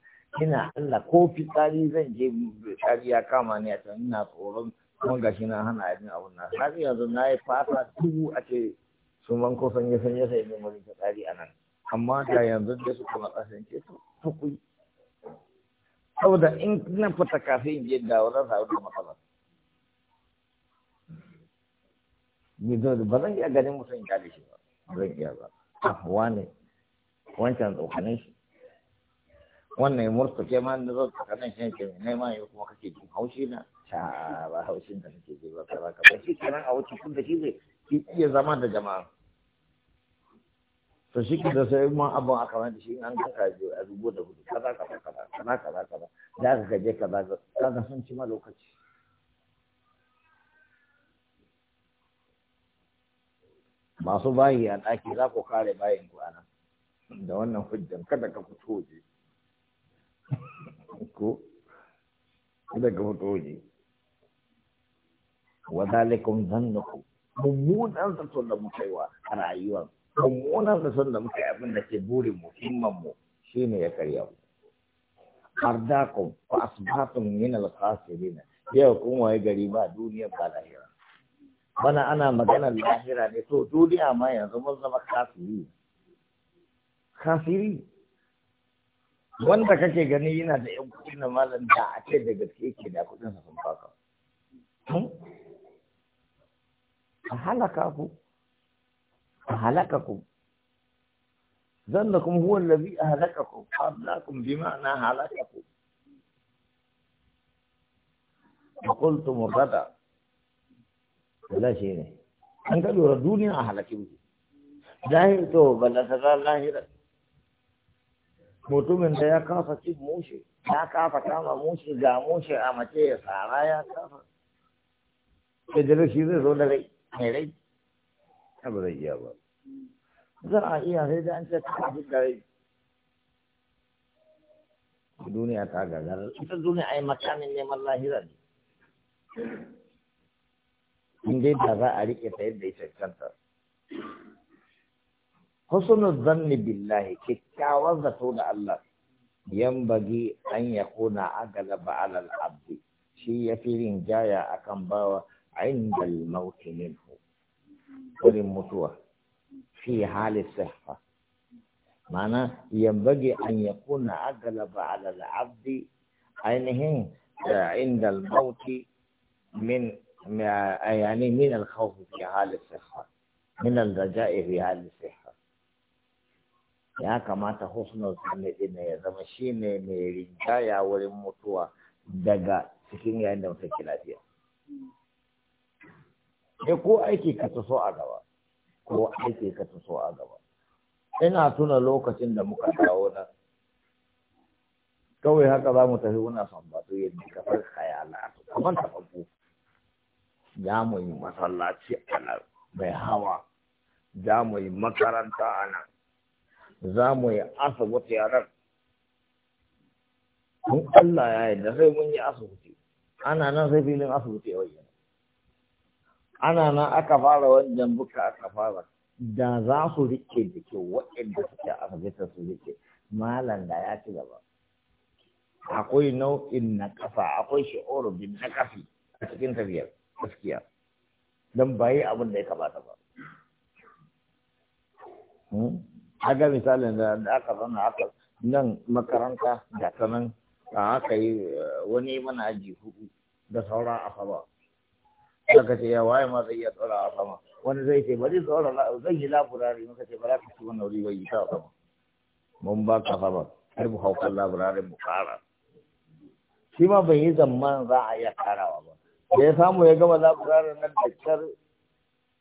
ina Allah ko fitsari zan je fitsari ya kama ni a can ina tsoron kuma gashi na hana abin abun na har yanzu na yi fata dubu a ce su man ko sanye sanye sai ne mun ta tsari a nan amma da yanzu da su kuma kasance su tukui saboda in na fita kafin in je da wannan sabu da matsala ni da ba zan iya ganin mutum ya da shi ba zan iya ba ah wane wancan tsokanin shi wannan ya murta ke ma da zai nan shi ke ne ma yau kuma kake jin haushi na ta ba haushin da nake ji ba ka ba shi kenan a wuce kun da shi zai iya zama da jama'a to shi ke da sai ma abin aka mai da shi an kaka je a rubo da hudu kaza kaza kaza kaza kaza kaza da aka gaje kaza kaza sun ci ma lokaci masu bayi a ɗaki za ku kare bayin kwana. da wannan hujjan kada ka fito waje ko kada ka fito waje wa zalikum dhannukum mummunan zato da muka yi wa rayuwar mummunan da son da muka yi abin da ke burin mu shi mu shine ya karya mu ba a asbahatum min al yau kun waye gari ba duniya ba lahira bana ana maganar lahira ne to duniya ma yanzu mun zama kafiri kafiri wanda kake gani yana da yan kuɗi na malam da a ce da gaske yake da kuɗin sa sun baka hmm? a halaka ku أهلككم ذلكم هو الذي أهلككم أهلككم بمعنى هلككم وقلتم الردى لا شيء نه an ka lura duniya a halaki muke zahir to ballanta za lahira mutumin da ya kafa cin mushe ya kafa kama mushe ga mushe a mace ya tsara ya kafa sai da shi zai zo da rai mai rai حمر الجبل زرع إياه إذا أنت تحب الدرج الدنيا تعجل الدنيا أي مكان اللي ما الله يرد من جد هذا عليك تعب ليس حسن الظن بالله كتعوذ تقول الله ينبغي أن يكون أغلب على العبد شيء في رنجايا أكن عند الموت منه wurin mutuwa fi hali sihha ma'ana yambage an yakuna agalaba ala abdi ainihin eh, inda al-mauti min يعني من الخوف في حال الصحة من الرجاء في حال الصحة ya kamata husnul sami din ya zama shine mai rinjaya wurin mutuwa daga cikin yayin da mutum ke lafiya sai eh, ko aiki ka so a gaba ko aiki ka so a gaba ina tuna lokacin da muka dawo nan kawai haka za mu tafi muna sambatu yadda kafar khayalatu kamar tababbu za mu yi masallaci a nan mai hawa za mu yi makaranta a nan za mu yi asibiti a nan Mun Allah ya da sai mun yi asibiti ana nan sai filin asibiti a wajen ana nan aka fara wajen buka aka fara da za su rike da kyau waɗanda suke asibita su rike malam da ya ci gaba akwai nau'in na kafa akwai shi'oru bin na kafi a cikin tafiyar gaskiya don bayi abin da ya kamata ba ga hmm? misalin da aka zana aka nan makaranta da ta nan aka yi eh, wani mana aji hudu da sauran asaba aka ce ya waye ma zai iya tsora a sama wani zai ce bari tsora zai yi laburari muka ce ba za ka ci wannan wuri bai yi ta sama mun ba ka sama sai mu hauka laburare mu kara shi ma bai yi zaman za a iya karawa ba da ya samu ya gama laburare nan da kyar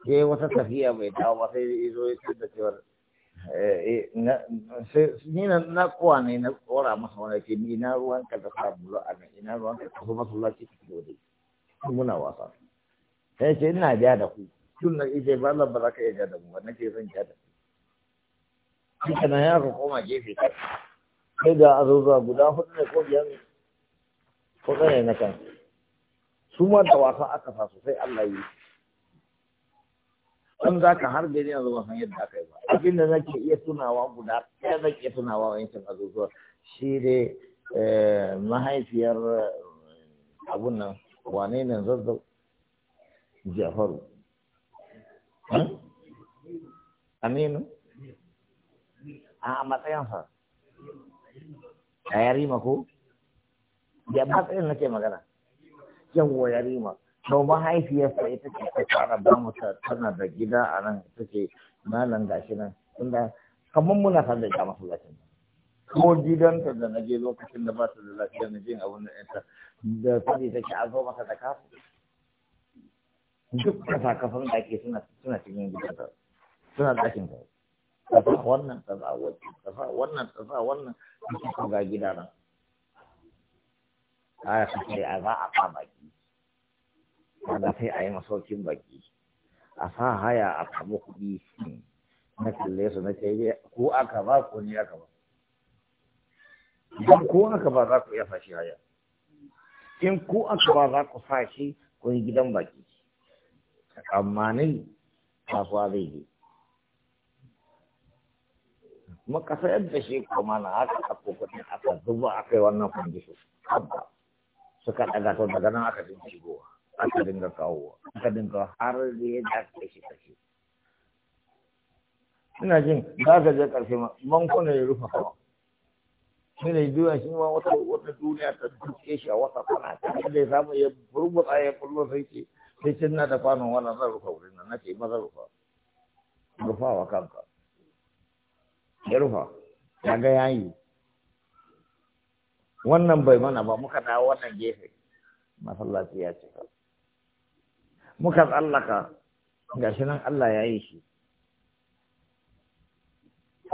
ya yi wata tafiya bai dawo ba sai ya zo ya ce da cewar eh, eh, ni na na kowa ne na tsora masa wani ke ni na ruwanka da sabulu a nan ina ruwanka ka zo masallaci ka da dai muna wasa sai ce ina biya da ku tun na ita ba Allah ba za ka iya ja da mu ba nake zan ja da ku shi kana ya ka koma gefe kai sai da azuzuwa guda hudu ne ko biyan, ko tsaye na kan su ma da wasa aka sa sosai Allah yi an za ka har gari yanzu ba san yadda aka yi ba abin da nake iya tunawa guda ɗaya nake iya tunawa wa azuzuwa shi ne eh, mahaifiyar eh, abun nan wane ne zazzau jafaru aminu ah, a a yarima ko ya matsayin ke magana yawwa yarima to mahaifiyarsa ita ce ta fara ba mu tana da gida a nan ita ce malam gashi nan tunda kamar muna san da jama'a masallacin ko gidanta da na je lokacin da ba ta da lafiya na jin abin da ta da sabi take a zo masa da kafu duk kasa kafin da ake suna cikin gidansa suna ɗakin ka ta wannan ta wannan wacce wannan ta wannan ta ko ga gida nan a ya fi a za a ba baki wanda sai a yi masaukin baki a sa haya a samu kuɗi na kalle su na ce eh, ko aka ba ko ni aka ba don ko aka ba za ku iya fashi haya in ko aka ba za ku sa shi ko gidan baki amma ni kasuwa zai yadda muka sayar da shi kuma na haka a kokotin aka zuba a kai wannan su su suka ɗaga to daga nan aka dinga shigowa aka dinga kawowa aka dinga har da ya da kai shi kashi ina jin za ka je karshe man kuna ya rufa kawo shi ne duniya shi ma wata wata duniya ta duke shi a wata kwana ta da ya samu ya burbuta ya kullo sai ce sai cin na da kwanon wannan zan rufa wurin nan nace maza rufa rufa wa kanka ya rufa ya ga yayi wannan bai mana ba muka dawo wannan gefe masallaci ya cika muka tsallaka shi nan Allah ya yi shi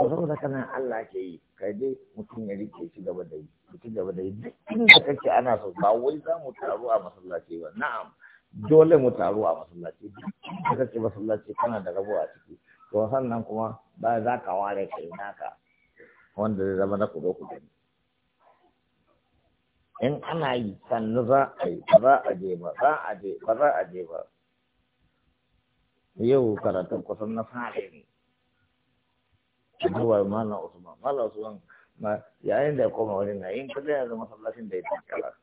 a da kana Allah ke yi kai dai mutum ya rike shi gaba da yi ci gaba da yi duk inda kake ana so ba wai za mu taru a masallaci ba na'am dole mu taru a masallaci da ce masallaci kana da rabo a ciki to sannan kuma ba za ka ware kai naka wanda zai zama na kudo kudo in ana yi sannu za a yi ba za a je ba za a je ba za a je ba yau karatun kusan na fara ne zuwa malam usman malam usman yayin da ya koma wani na yin kaza yanzu masallacin da ya tattara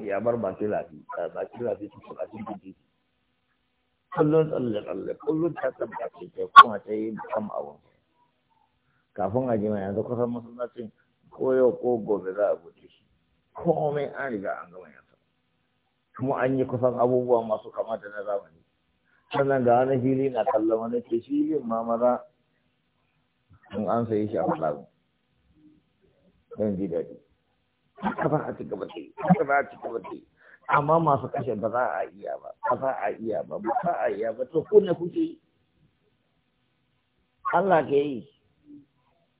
ya bar baki lafi baki lafi su suka cikin jiki kullum tsalle tsalle kullum ta tsabta ce ke kuma ta yi kam abun kafin a jima yanzu kusan masallacin ko yau ko gobe za a buɗe shi komai an riga an gama yanzu kuma an yi kusan abubuwa masu kama da na zamani sannan ga wani fili na kallon wani ke filin ma maza in an sayi shi a kula don ji daɗi haka za a ci gaba da haka za a ci gaba da amma masu kashe ba za a iya ba ba za a iya ba ba za a iya ba to ko ne kuke yi Allah ke yi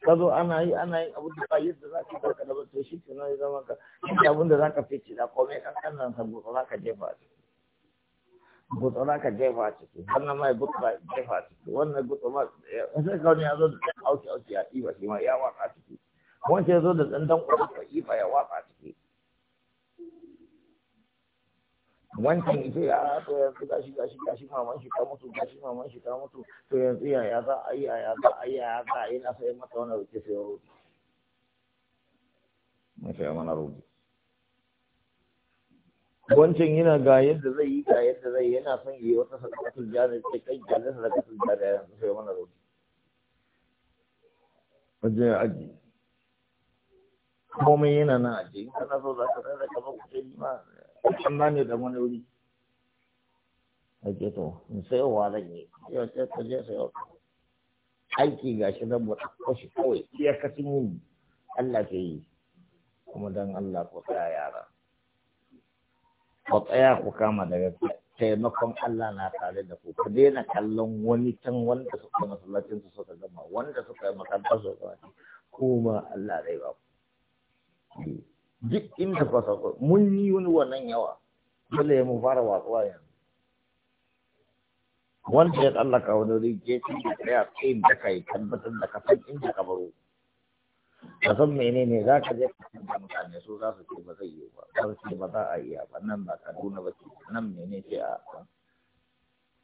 ka zo ana yi ana yi abu da ba da za ka barka da ba to shi ke nan zama ka shi abin da za ka fice da komai kan kannan sa za ka jefa a ciki gutsura ka jefa a ciki wannan mai gutsura jefa a ciki wannan gutsura sai ka wani ya zo da auki auki a ɗiba shi ma ya waka a ciki wance ya zo da tsandan kuma ka ifa ya su ciki wancan ita ya to yanzu gashi gashi gashi maman shi ta mutu gashi maman shi ta mutu to yanzu ya ya za a yi ya za a yi ya za a yi na sai mata wani rike sai rudi mun sai mana wancan yana ga yadda zai yi ga yadda zai yana son yi wata sadaqatul jari sai kai jalisa sadaqatul jari yanzu sai mana rudi wajen aji komai yana nan a in kana so za ka rarra ka baku sai ma an bani da wani wuri ke to in wa zan yi yau ce ka je wa aiki ga shi na buɗa ko shi kawai iyakacin yi Allah ke yi kuma dan Allah ko tsaya yara ko tsaya ku kama daga taimakon Allah na tare da ku ku daina kallon wani can wanda suka masallacin su suka gama wanda suka yi makarantar su suka kuma Allah zai ba ku duk inda kwasa mun yi wani wannan yawa dole mu fara watsuwa yanzu wanda ya tsallaka wani rike shi da ya tsayin da ka yi tabbatar da kasan inda ka baro ka san menene za ka je da mutane su za su ce ba zai yi ba za su ce ba za a iya ba nan ba kaduna ba ce nan menene ce a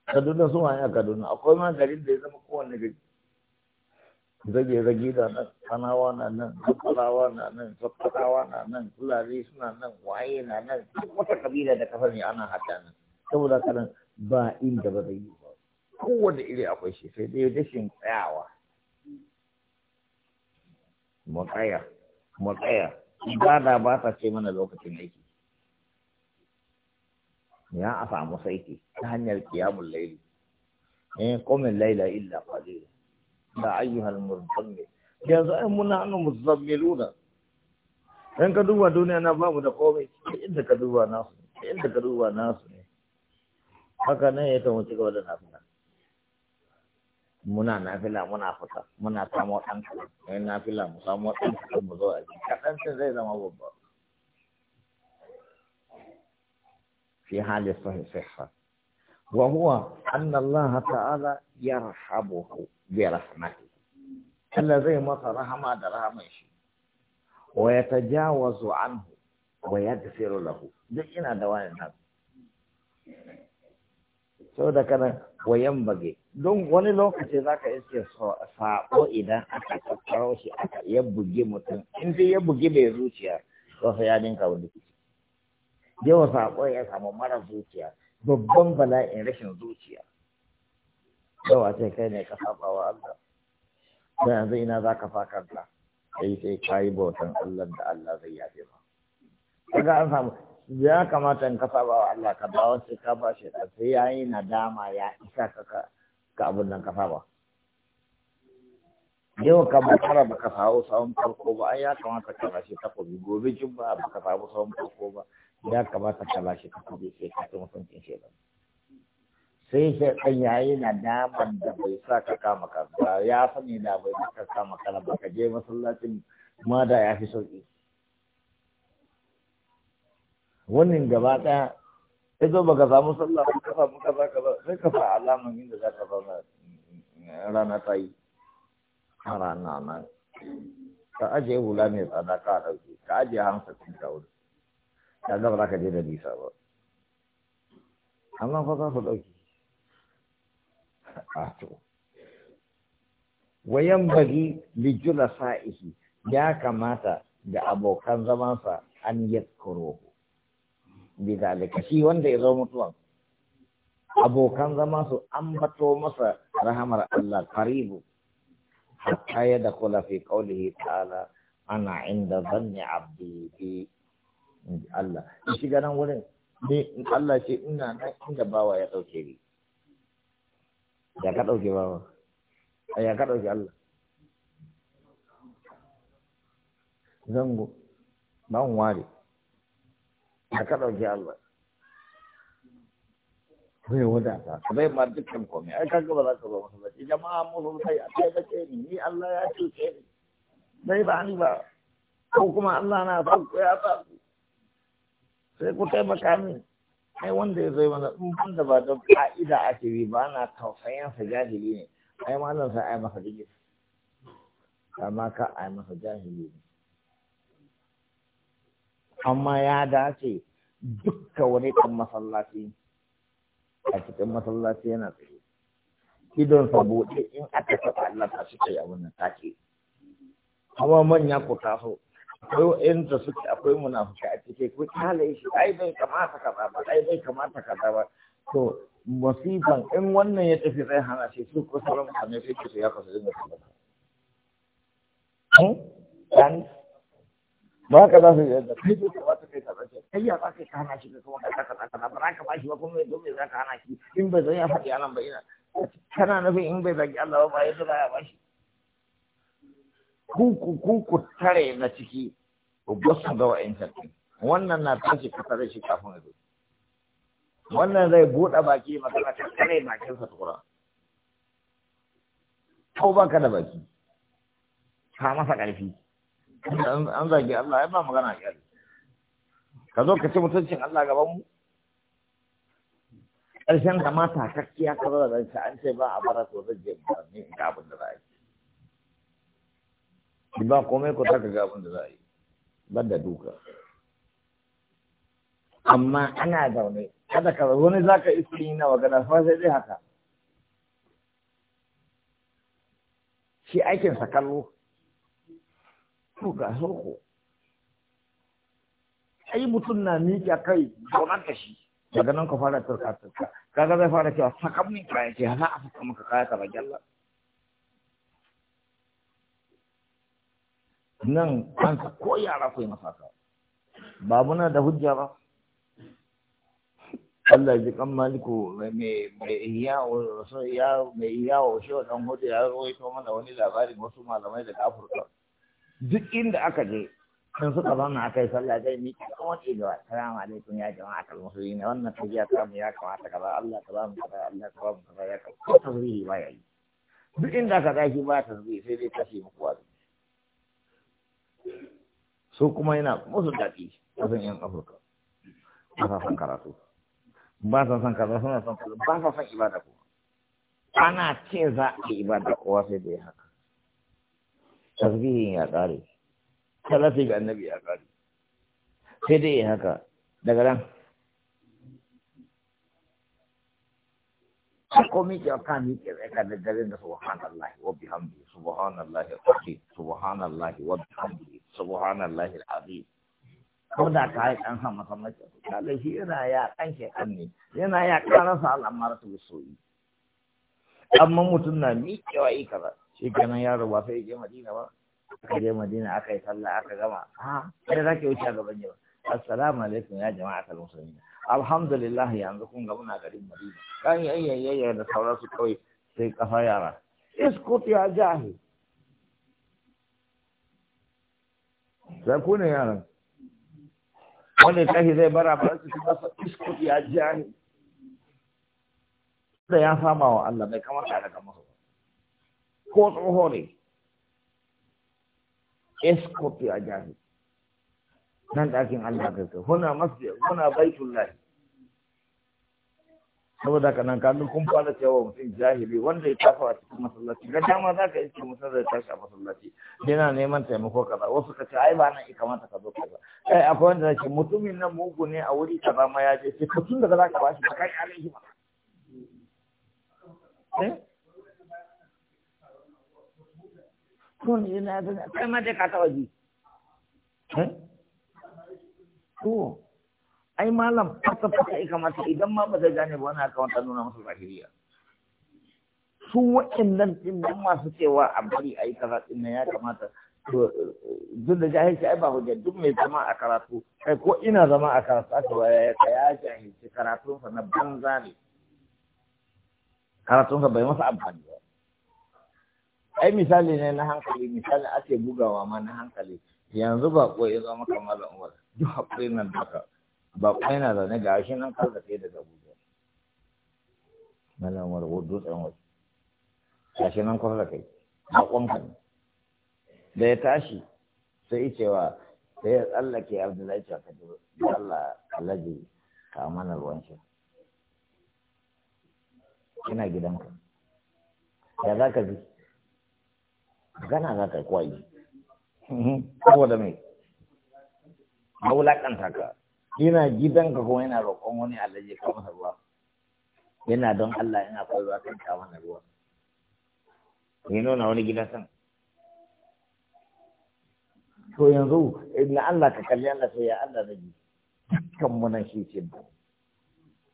kaduna sun ya kaduna akwai ma garin da ya zama kowanne gari zage zage da nan kanawa na nan zakwarawa na nan zakwarawa na nan fulani suna nan waye na nan wata kabila da kasar ne ana hada nan saboda kanan ba inda ba zai yi ba kowane iri akwai shi sai dai dashin tsayawa mu tsaya mu tsaya ba ta ce mana lokacin aiki ya a samu saiti ta hanyar kiyamun laili in eh, komin laila illa qalila da ayyuhal muzammil yanzu ai muna an muzammiluna in ka duba duniya na babu da komai inda ka duba nasu inda ka duba nasu ne haka ne ya ta ci gaba da nafila muna nafila muna fita muna samu ɗan kaɗan nafila mu samu ɗan kaɗan mu zo a ji kaɗan sun zai zama babba fi hali sahiha wa huwa anna Allah ta'ala yarhamuhu bi rahmati Allah zai masa rahama da rahaman shi wa yatajawazu anhu wa da lahu duk ina da wannan nan da kana wayan bage don wani lokaci za ka iske saɓo idan aka tattaro shi aka ya buge mutum in dai ya buge bai zuciya wasu ya dinka wani kici yawa ya samu mara zuciya babban bala'in rashin zuciya yau a ce kai ne ka saba wa Allah sai yanzu ina za ka fa kanka sai sai ka yi bautan Allah da Allah zai yafe ma kaga an samu ya kamata in ka saba wa Allah ka dawo sai ka ba shi sai yayi nadama ya isa ka ka abun nan ka saba yau ka ba baka sawo sawon farko ba ya kamata ka lashe takobi gobe jumba ba baka sawo sawon farko ba ya kamata ka lashe takobi sai ka ci mutuncin shekaru sai shaitan ya yi nadaman da bai sa ka kama kansa ya sani da bai sa ka kama kana ba ka je masallacin ma da ya fi sauki wannan gaba ɗaya ya zo baka samu sallah ba ka samu kaza kaza sai ka sa alaman inda za ka zauna eh, rana ta yi a rana na ka ajiye hula mai tsada ka ɗauke ka aje hansa cikin ka wuri ka gaba za ka je da nisa ba amma fa za su ɗauke ato ah, wayan bagi lijula sa'ihi ya kamata da abokan zamansa an yadkuruhu bi zalika shi wanda ya zo mutuwan abokan zama su ambato masa rahamar Allah karibu hatta ya da kula fi qaulihi ta'ala ana inda zanni abdi bi Allah shi ga nan wurin ne Allah ce ina nan inda bawa ya dauke ni ya ka ɗauke ba ba ya ka ɗauke Allah zango ban ware ya ka ɗauke Allah bai wadata ka bai ma dukkan komai ai kaga ba za ka zo masallaci jama'a mun sai a kai da ni ni Allah ya tuke ni bai ba ni ba ko kuma Allah na ba ku ya ba sai ku kai min ai wanda ya zo mana in ban da ba don ka'ida ce bi ba na tausayin sa jahili ne ai malam sa ai masa digis amma ka ai masa jahili ne amma ya dace dukka wani dan masallaci a cikin masallaci yana tsaye idon sa buɗe in aka saba Allah ta shi kai abin nan take amma manya ku taso akwai wa'yanda suke akwai munafuka a cike ko kyale shi ai bai kamata kaza ba ai bai kamata kaza ba to masifan in wannan ya tafi zai hana shi su ko sauran mutane sai ke ya kasu dinga kaza hmm? dan ba ka za su yi da kai duka wata kai kaza ce kai ya za ka ka hana shi kuma ka ka ka ba ka ba shi ba kuma don me za ka hana shi in bai zai ya faɗi anan ba ina kana nufin in bai zagi Allah ba ba yadda za ya ba shi ku ku ku ku tare na ciki ku ga da wannan na tashi kasa da shi kafin ya zo wannan zai buɗe baki magana ta kare bakin sa tura ko baka da baki ka masa ƙarfi an zage Allah ya ba magana ƙarfi ka zo ka ci mutuncin Allah gaban mu ƙarshen da ma takakkiya ka zara ranci an ce ba a bara to zai je ba ne ga abin da za a yi ba komai ko ta ga abin da za a yi da duka amma ana zaune kada ka wani za ka iske yi na magana fa sai dai haka shi aikin kallo duka soko ai mutum na miƙa kai zaunar da shi daga nan ka fara turka turka kaga zai fara cewa sakamun kayan ce hana a saka maka kaya ka bagyalla nan kansa ko yara ku yi masaka ba muna da hujja ba Allah ji kan maliku mai iyawo mai shi wa ɗan hudu ya to mana wani labarin wasu malamai daga Afirka duk inda aka je sun suka zauna aka yi sallah zai mi kan wani gaba salamu alaikum ya jama'a kal musulmi wannan tafiya ta mu ya kamata kaza Allah ka ba mu kaza Allah ka ba mu kaza ya kamata zuri ba yi duk inda aka zaki ba zuri sai dai mu muku wazi su kuma yana musu daɗi zan yan afirka ba sa son karatu ba sa son karatu suna son karatu ba sa son ibada ko ana ce za a yi ibada ko sai da ya haka tasbihin ya ƙare talafi ga annabi ya ƙare sai dai ya haka daga nan har mi ke ka mi ke ka da dare da subhanallahi wa bihamdi subhanallahi al-azim subhanallahi wa bihamdi subhanallahi alazim ko da ka yi kan sama sama ce da shi yana ya kan shi kan ne yana ya karasa al'amaratu soyi amma mutum na mi ke wa yi kaza shi kenan yaro ba sai je madina ba aka je madina aka yi sallah aka gama ha ah, kada yi wuce a gaban yau assalamu alaikum ya jama'atul muslimin alhamdulillah yanzu kun ga muna garin madina kan yayyayya da sauransu kawai sai kafa yara iskut ya jahi sai ku ne yaran Wani tashi zai bara ba su kuma iskut ya jahi da ya fama wa Allah bai kamar kamata daga masa ko tsoho ne iskut ya jahi nan ɗakin Allah kai kai huna masjid Kuna baitullahi saboda ka nan kamin kun fara cewa mutum jahili wanda ya tafa a cikin masallaci ga dama za ka iske mutum zai tashi a masallaci yana neman taimako kaza wasu ka ce ai ba nan kamata ka zo kaza kai akwai wanda ce mutumin nan mugu ne a wuri kaza ma ya je sai ka tun daga za ka bashi ba kai alaihi ba kun eh? na da kai ma dai ka taba ji eh to ai malam fata fata ya kamata idan ma ba zai gane ba wani akawun wata nuna masa zahiriya su waɗannan ɗin nan masu cewa a bari a yi karatu na ya kamata duk da jahilci ai ba hujja duk mai zama a karatu kai ko ina zama a karatu aka ba ya ka ya jahilci karatunsa na banza ne karatunsa bai masa amfani ba ai misali ne na hankali misali ake bugawa ma na hankali yanzu ba ko ya zama kamar umar duk haƙuri nan da Bakwai na zaune ga shi nan kar da kai daga abuja malam wani wudu dutsen wasu ga shi nan kwasa da kai ba ne da ya tashi sai cewa sai ya tsallake abdullahi cewa ka jiro allah alaji ka mana ruwan shi Kina gidanka ya za ka ji gana za ka kwayi saboda mai maulakanta ka yana ka kuma yana roƙon wani alaje ka masa ruwa yana don Allah yana akwai ruwa kan ka mana ruwa ya nuna wani gidan san to yanzu na Allah ka kalli Allah sai ya Allah na ji kan mu nan shi ce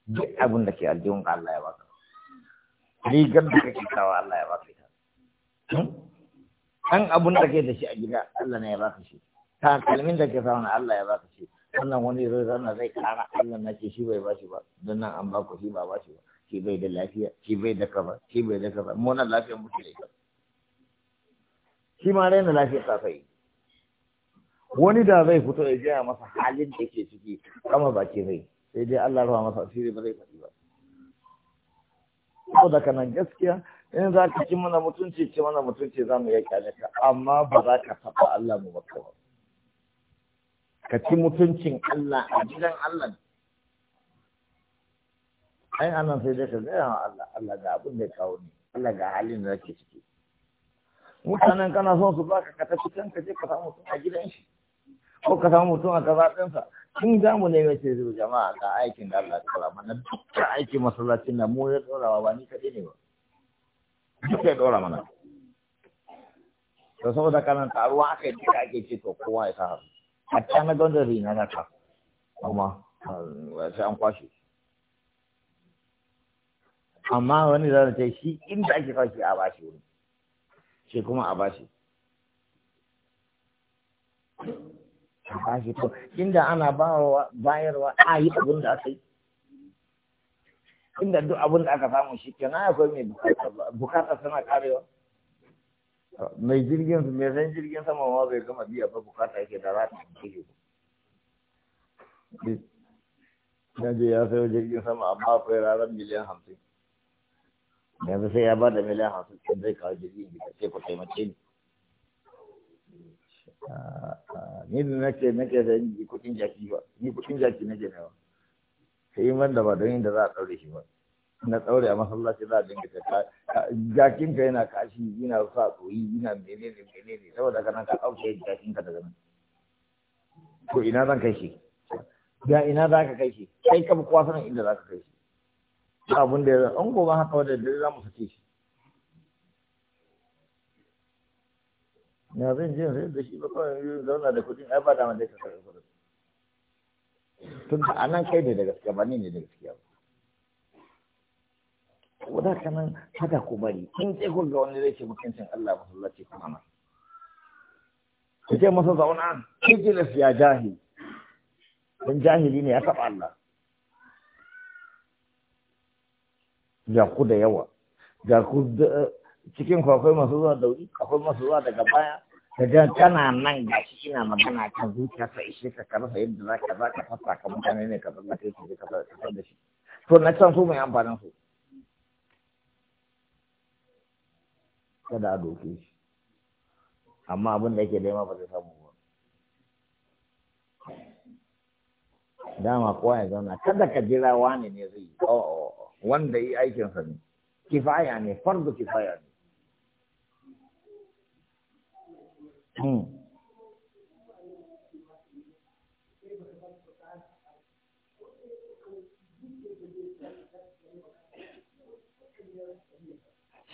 duk abin da ke aljihun ka Allah ya baka rigar da kake kawo Allah ya baka ita hmm? an abun da ke da shi a gida Allah ne ya baka shi takalmin da ke sauna Allah ya baka shi wannan wani zai zana zai kara Allah na ce shi bai ba shi ba don nan an ba ku shi ba ba shi ba shi bai da lafiya shi bai da kaza shi bai da kaza mu nan lafiyar muke da ita shi ma raina lafiyar ta kai wani da zai fito ya jaya masa halin da yake ciki kama baki zai sai dai Allah ruwa masa asiri ba zai faɗi ba da kana gaskiya in za ka ci mana mutunci ci mana mutunci za mu iya kyalata amma ba za ka taɓa Allah mu baka ba ka ci mutuncin Allah a gidan Allah ai anan sai dai ka gaya wa Allah Allah ga abin da ya kawo ni Allah ga halin da nake ciki mutanen kana son su baka ka tafi can ka je ka samu mutum a gidan shi ko ka samu mutum a kaza sa kin ga mu ne ce zuwa jama'a ga aikin da Allah ta mana dukkan aikin masallacin nan mu ya dora ba ni kaɗai ne ba duk ya ɗora mana to saboda kana taruwa akai duka ake ce to kowa ya sa haka hatta na gwanda rina na ka amma eh, sai an kwashe amma wani zai ce shi inda ake kwashe a bashi wuri shi kuma a bashi a bashi to inda ana bayarwa a yi abin da aka yi inda duk abin da aka samu shi kenan akwai mai bukatar suna karewa mai jirgin mai san jirgin sama ma bai gama biya ba bukata yake da rata jirgin na je ya sayo jirgin sama amma akwai rarar miliyan hamsin yanzu sai ya ba da miliyan hamsin sai zai kawo jirgin gida sai ku taimake ni ni da nake nake da ni kudin jaki ba ni kudin jaki nake nawa sai yi da ba don yin da za a ɗaure shi ba na tsaure a masallaci za a dinga jakin ka yana kashi yana sa tsoyi yana menene menene saboda kana ka jakin ka daga nan to ina zan kai shi ga ina za ka kai shi kai ka kuwa sanin inda za ka kai shi ba abin da ya zan an gobe haka wadda dare za mu sake shi na zan jin sai da shi ba kawai zauna da kuɗin ai ba dama dai ka karɓi kuɗin tun da anan kai ne da gaskiya ba ni ne da gaskiya ba ko da kanan kada ku bari in ce ku ga wani zai mutuncin Allah masallaci kuma nan ku ce masa zauna ijilis ya jahi dan jahili ne ya taɓa Allah ya ku da yawa ga ku cikin kwakwai masu zuwa dauri akwai masu zuwa daga baya da kana nan ga shi ina magana kan zuciya ta ishe ka ka rasa yadda za ka fasa ka mutane ne ka zama kai ka ka da shi to na can su mai amfanin su kada a doke shi amma abin da yake nema ba zai samu ba dama kowa ya zauna kada ka jira wani ne zai yi oh, oh, oh, wanda yi aikinsa ne kifaya ne fardu kifaya ne hmm.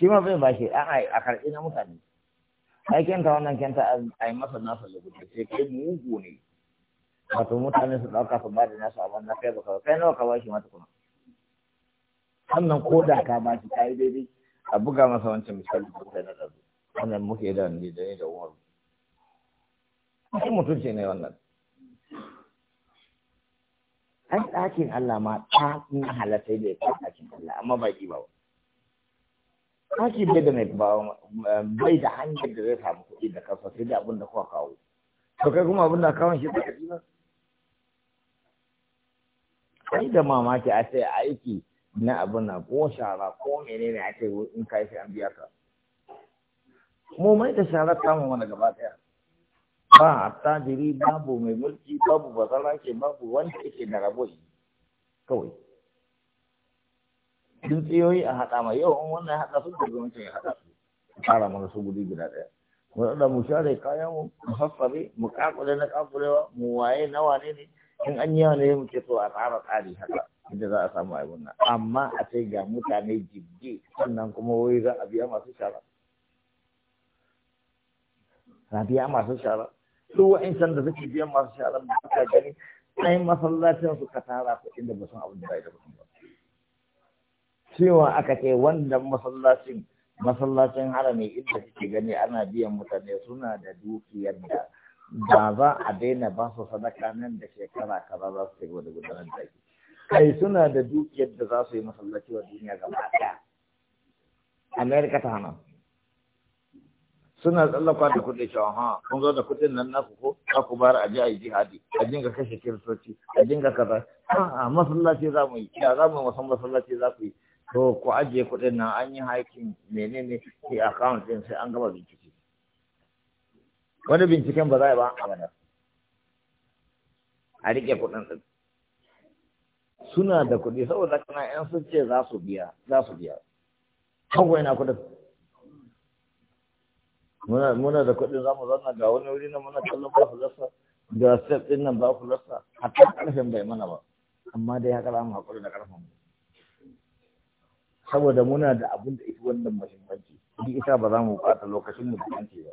shi ma bai bashi a'a a karɓi na mutane ai kenta wannan kenta a yi masa nasa lubuta sai kai mugu ne wato mutane su ɗauka su ba da nasu a wannan kai baka kai nawa ka bashi mata kuma wannan ko da ka bashi ta yi daidai a buga masa wancan misali da kai na ɗazu wannan muke da ni da ni da umaru mutum mutunci ne wannan ai ɗakin Allah ma ta na halatta da ya ɗakin Allah amma ba ki ba ba kashi bai da ba bai da hanyar da zai samu kuɗi da kansa sai da abin da kuka kawo to kai kuma abin da kawon shi da ba da mamaki a sai aiki na abin na ko shara ko menene a ce in kai sai an biya ka mu mai da shara kama mana gaba daya ba a attajiri babu mai mulki babu bazara ke babu wanda yake da rabo kawai tsintsiyoyi a haɗa ma yau in wannan haɗa sun da gwamnati ya haɗa su fara mana su guri guda ɗaya mu da mu share kayan mu mu haffare mu kakule na kakulewa mu waye na wane ne in an yi ne mu ce to a tsara tsari haka inda za a samu abin nan amma a ce ga mutane jibge sannan kuma wai za a biya masu shara a biya masu shara su wa'insan da suke biyan masu shara da suka gani ɗayan masallacin su ka tara kuɗin da ba san abin da ba ya da ba cewa aka ce wannan masallacin masallacin harami inda suke gani ana biyan mutane suna da dukiyar da ba za a daina ba su sadaka nan da shekara kaza za su tafi wani gudanar da shi kai suna da dukiyar da za su yi masallaci wa duniya gaba ɗaya amerika ta hana suna tsallakwa da kuɗi cewa ha kun zo da kuɗin nan naku ko za ku bayar a je a yi jihadi a dinga kashe kiristoci a dinga kaza a masallaci za mu yi ya za mu yi masallaci za ku yi to ku ajiye kuɗin nan an yi hakin menene ke account din sai an gama bincike wani binciken ba za a ba abada a riƙe kuɗin ɗin suna da kuɗi saboda kana yan sun ce za su biya za su biya hawa yana kuɗin muna muna da kuɗin za mu zanna ga wani wuri na muna kallon ba ku lasa ga step ɗin nan ba ku lasa hatta ƙarfin bai mana ba amma dai haka za mu haƙuri da ƙarfin mu saboda muna da abin da ita wannan muhimmanci duk ita ba za mu bata lokacin mu da fenti ba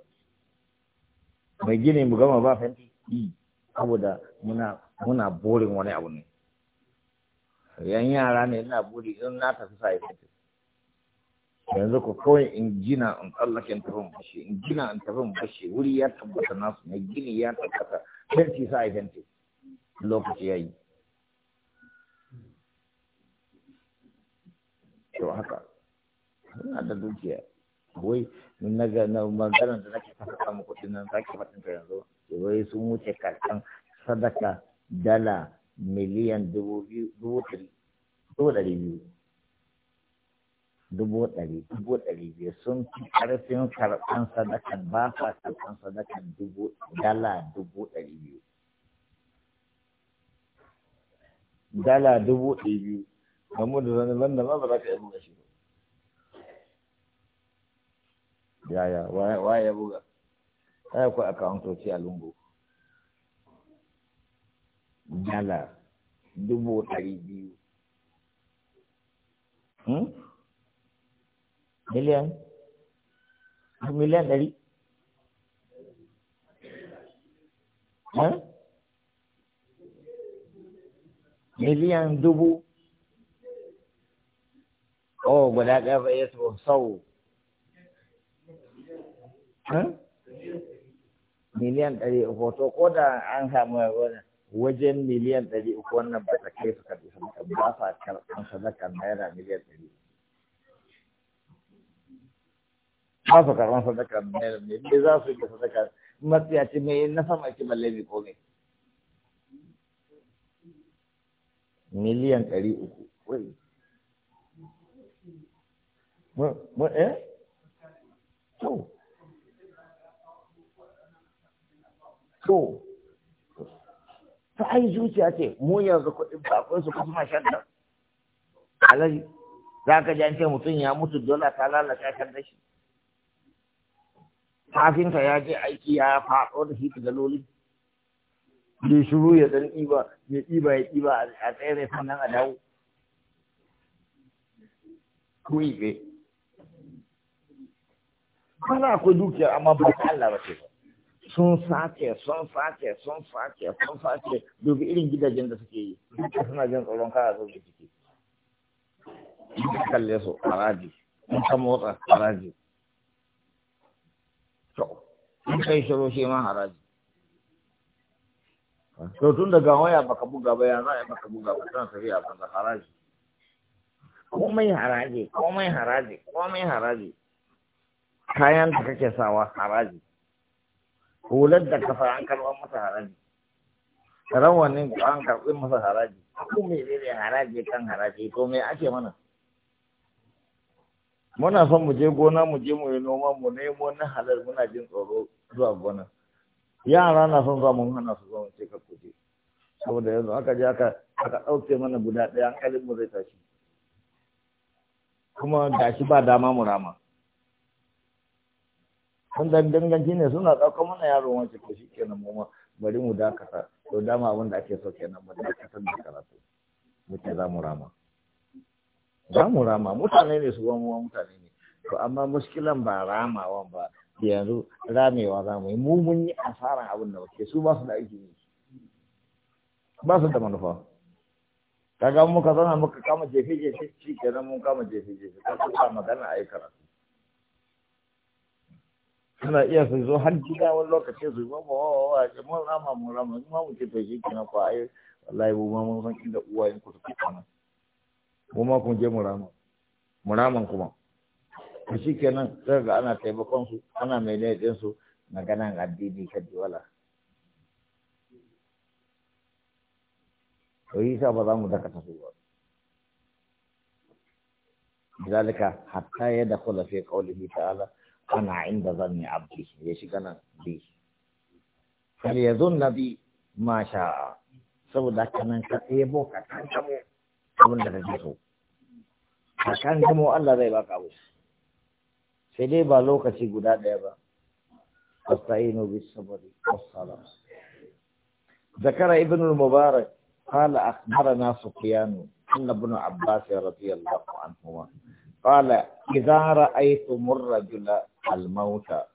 mai gini mu gama ba fenti yi saboda muna muna borin wani abu ne yan yara ne ina buri in na tafi sai fenti yanzu ku kawai in gina in tsallakin in tafi bashi in gina in tafi bashi wuri ya tabbata nasu mai gini ya tabbata fenti sai fenti lokaci ya yi. kyau haka ina da dukiya wai na ga na maganar da nake fasa samun kuɗin nan sake faɗin ta yanzu wai sun wuce kakan sadaka dala miliyan dubu biyu dubu ɗari biyu dubu ɗari dubu ɗari biyu sun fi ƙarfin karɓan sadakan ba sa karɓan sadakan dubu dala dubu ɗari biyu dala dubu ɗari biyu kamu da zanen nan da ba za ka yi buga shi yaya waye ya buga ai ku akawuntoci a lungu dala dubu Hmm? biyu miliyan dari? ɗari miliyan dubu oh guda ɗaya ba ya sau miliyan ɗari uku to ko da an samu wajen miliyan ɗari uku wannan ba ta kai su karɓi sadaka ba sa karɓan sadaka naira miliyan ɗari ba su karɓan sadaka naira miliyan ɗari za su yi sadaka matsiyaci mai na sama ki balle mai komai miliyan ɗari uku eh ta ai zuciya ce mu yanzu kuɗin bakon su kuma shaddan alaji za ka ji an ce mutum ya mutu dole ta lalata kan dashi kafinta ya je aiki ya faɗo da shi daga loli bai shiru ya dan ɗiba ya ɗiba ya ɗiba a tsere sannan a dawo kuyi bana akwai dukiya amma ba ta Allah ba ce ba sun sake sun sake sun sake sun sake. dubi irin gidajen da suke yi duka suna jin tsoron kara zo da ciki duka kalle su haraji in ka motsa haraji to in kai shiro shi ma haraji to tun daga waya baka buga ba ya za a baka buga ba tana tafiya ba haraji komai haraji komai haraji komai haraji kayan da kake sawa haraji hular da kafa an karɓar masa haraji rawanin an karɓi masa haraji ko me ne haraji kan haraji to me ake mana muna son mu je gona mu je mu yi noma mu nemo na halal muna jin tsoro zuwa gona yara na son zuwa mun hana su zuwa mu ce ka kuje saboda yanzu aka je aka aka ɗauke mana guda ɗaya hankalin mu zai tashi kuma gashi ba dama mu rama kun dan danganci ne suna ɗaukar mana yaro wance ko shi kenan mu ma bari mu dakata to dama abin da ake so kenan mu dakatar da karatu muke za mu rama za mu rama mutane ne su wani mutane ne to amma muskilan ba ramawan ba yanzu ramewa za mu yi mu mun yi asaran abin da muke su ba su da aiki ne ba su da manufa kaga muka zana muka kama jefe jefe shi kenan mun kama jefe jefe ka magana a yi karatu suna iya su zo har gida wani lokaci su ma ba wa ce mun rama mun rama in ma mu ce to shi kenan fa ai wallahi mu ma mun san inda uwayen ku suke kana mu ma kun je mu rama mu rama kuma to shi kenan sai ga ana taimakon su ana mai laifin su maganan addini kadi wala to yi sa ba za mu dakata su ba ya حتى يدخل في قوله تعالى أنا عند ظني عبدي يشكنا دي فليظن بي ما شاء سودا كان كان يبو كان كمو كمن ده ديسو كان كمو الله ده يبقى كاوس سيدي بالو كشي غدا ده با استعينوا بالصبر والصلاة ذكر ابن المبارك قال أخبرنا سفيان أن ابن عباس رضي الله عنهما قال إذا رأيتم الرجل almauta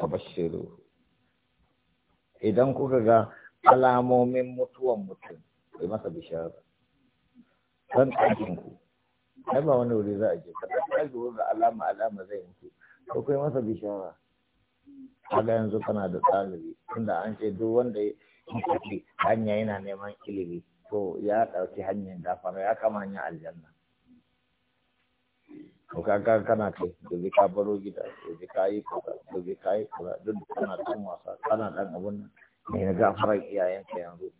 tabashiru idan kuka ga alamomin mutuwan mutum kai masa bishara san ɗakin ku ai ba wani wuri za a je ka ɗaki wurin da alama alama zai mutu ko kai masa bishara kaga yanzu kana da tsalibi tunda an ce duk wanda ya hanya yana neman ilimi to ya ɗauki hanyar gafara ya kama hanyar aljanna to kaga kana kai gobe ka baro gida gobe ka yi kaza gobe ka yi kuka. duk kana kan wasa kana dan abun nan ne na gafaran iyayenka yanzu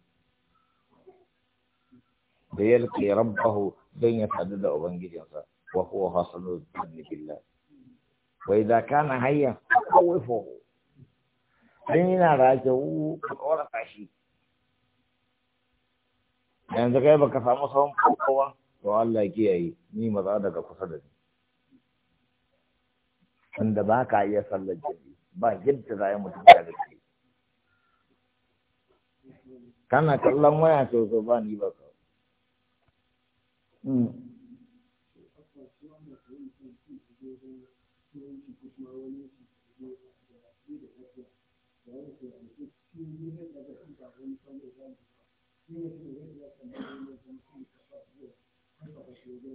da yalqi rabbahu dan ya sadu da ubangijinsa wa huwa hasanu dhanni billah wa idza kana hayya qawifuhu dan yana rajau ka kora tashi yanzu kai baka samu sawon kowa to Allah kiyaye ni maza daga kusa da ni wanda ba ka iya sallar jami'i ba yadda za a yi mutum da kana kallon waya sosai ba ni ba ka hmm. Thank you.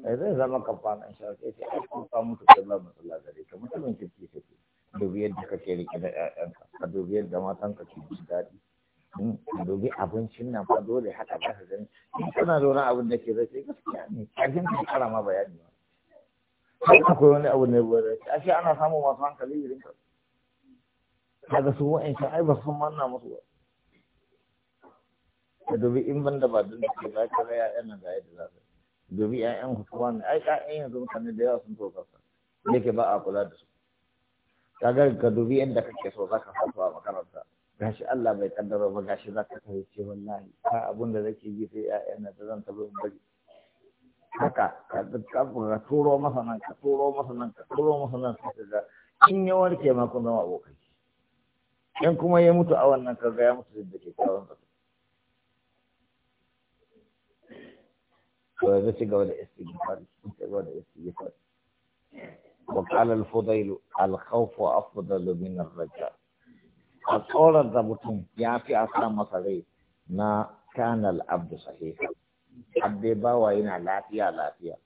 sai zai zama kamfanin shafi sai ai kun ka mutu sallah masallah gare ka mutumin kirki kake dubi yadda kake rike da ƴaƴanka ka dubi yadda ka ke jin daɗi hmm, ka dubi abincin nan fa dole haka ka ka gani in kana zaune abin da ke zai sai gaskiya ne kafin ka kara ma bayani ba sai akwai wani abu ne ba zai ashe ana samun masu hankali irin ka kaga su wa'ancan ai ba sun manna musu ba ka dubi in banda ba dun da ke za ka raya ƴan nan ga yadda za domin ƴaƴan hukuma ne ai ƴaƴan yanzu mutane da yawa sun tsoka sa ke ba a kula da su kaga ka dubi yadda kake so zaka fito a makaranta gashi Allah bai kaddara ba gashi zaka kai ce wallahi ka abun da zake ji sai ƴaƴan da zan tabo in bari haka ka ka turo masa nan ka turo masa nan ka turo masa nan sai da in ya warke ma kun zama abokai in kuma ya mutu a wannan kaga ya mutu da ke kawon zaka فهذا سيقوى الاستجفار سيقوى الاستجفار وقال الفضيل الخوف أفضل من الرجاء أطول الضبطون في أسلام مصري ما كان العبد صحيحا عبد باوين لا فيها لا فيها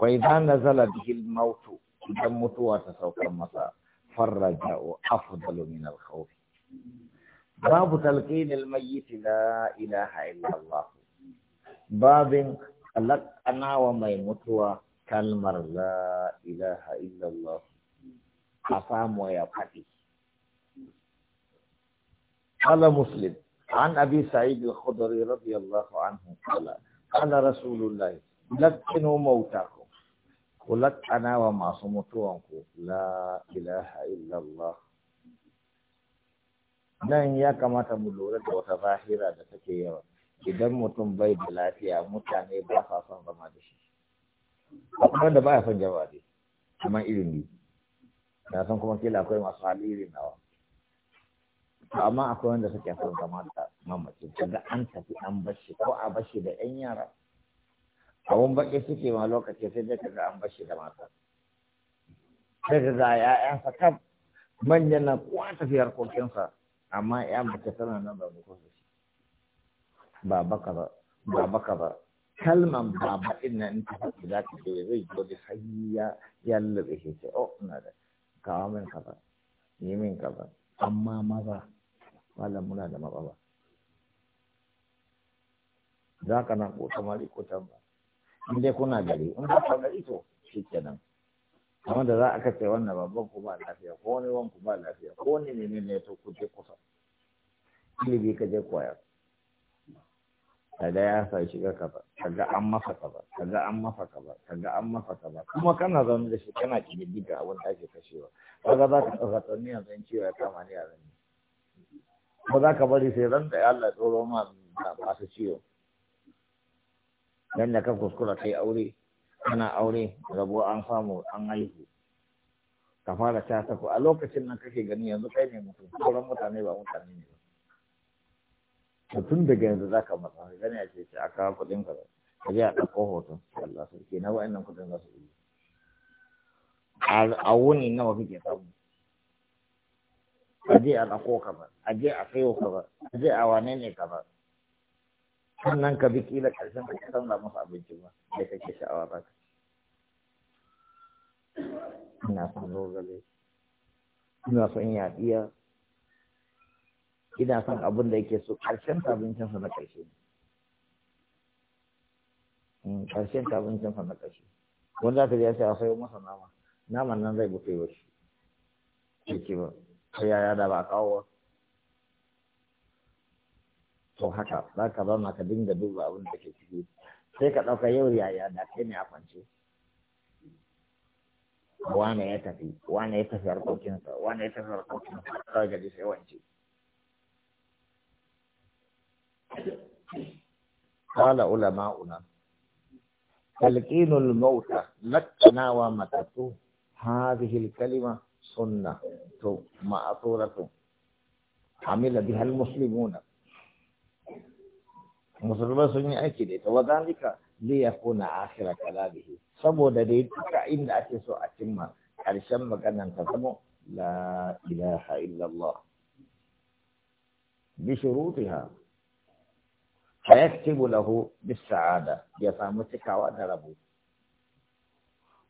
وإذا نزل به الموت إذا وتسوق تسوق المساء فالرجاء أفضل من الخوف باب تلقين الميت لا إله إلا الله babin halakana wa mai mutuwa kalmar la ilaha illallah a samu ya faɗi. Kala Muslim, an abi Sa'id al-Khudri radiyallahu anhu kala, kala Rasulullahi, lakkinu mautaku, ku lakana wa masu mutuwanku la ilaha illallah. Nan ya kamata mu lura da wata zahira da take yawa. idan mutum bai da lafiya mutane ba sa son zama da shi akwai wanda baya son jama'a dai amma irin ne na san kuma kila akwai masu hali irin nawa amma akwai wanda suke son zama da mamaci kaga an tafi an bashi ko a bashi da yan yara abun baki suke ma lokaci sai dai kaga an bashi da mata sai da za sa kam manyan na kowa tafiyar kokinsa amma ya baki suna nan da mu kusa shi baba ba baba kaza kalman baba din nan ta faɗi za ka je zai zo da sai ya yalla da shi ce oh ina da kawo min kaza yi min kaza amma maza malam muna da mababa. za ka nan ko tamari ko ba in dai kuna gari in ba ka gari to shi kenan amma da za a ce wannan babban ku ba lafiya ko wani wanku ba lafiya ko ne ne ne to ku je kusa ilimi ka je koyar kaga ya sa shiga kaza kaga an masa kaza kaga an masa kaza kaga an masa kaza kuma kana zaune da shi kana kididdiga abin da ake kashewa kaga za ka ɗauka tsanni yanzu in ciwo ya kama ni a zanni ko za ka bari sai ran da ya Allah tsoro ma masu ciwo dan da ka kuskura kai aure kana aure rabo an samu an haihu ka fara ta ko. a lokacin nan kake gani yanzu kai ne mutum sauran mutane ba mutane ne to tun daga yanzu za ka matsa gani a ce ce a kawo kuɗin ka ka je a ɗauko hoton Allah ke na wa'annan kuɗin za su yi a wuni nawa kake samu a je a ɗauko ka ba a je a sayo ka ba a je a wane ne ka ba sannan ka bi kila ƙarshen ka san da musu abinci ba sai kake sha'awa ba ka ina son ina son yaɗiya ina son abin da yake so ƙarshen sa na ƙarshe ne hmm, ƙarshen sa na ƙarshe wanda ta ji ya ce masa nama naman nan zai bufe wa shi ya ce ba ta yaya da ba kawo ba to haka za ka zama ka dinga duba abin da ke ciki sai ka ɗauka yau yaya da kai ne a kwance wane ya tafi wane ya tafi harkokinsa wane ya tafi harkokinsa kawai gaji sai wance قال علماؤنا تلقين الموت لكنا ومتت هذه الكلمة سنة مأطورة عمل بها المسلمون مسلم سنة أكيد وذلك ليكون آخر كلامه سمو دليل كإن أتسو أتم كالشم مكان أن تسمو لا إله إلا الله بشروطها فيكتب له بالسعادة يسامو تكاوى دربو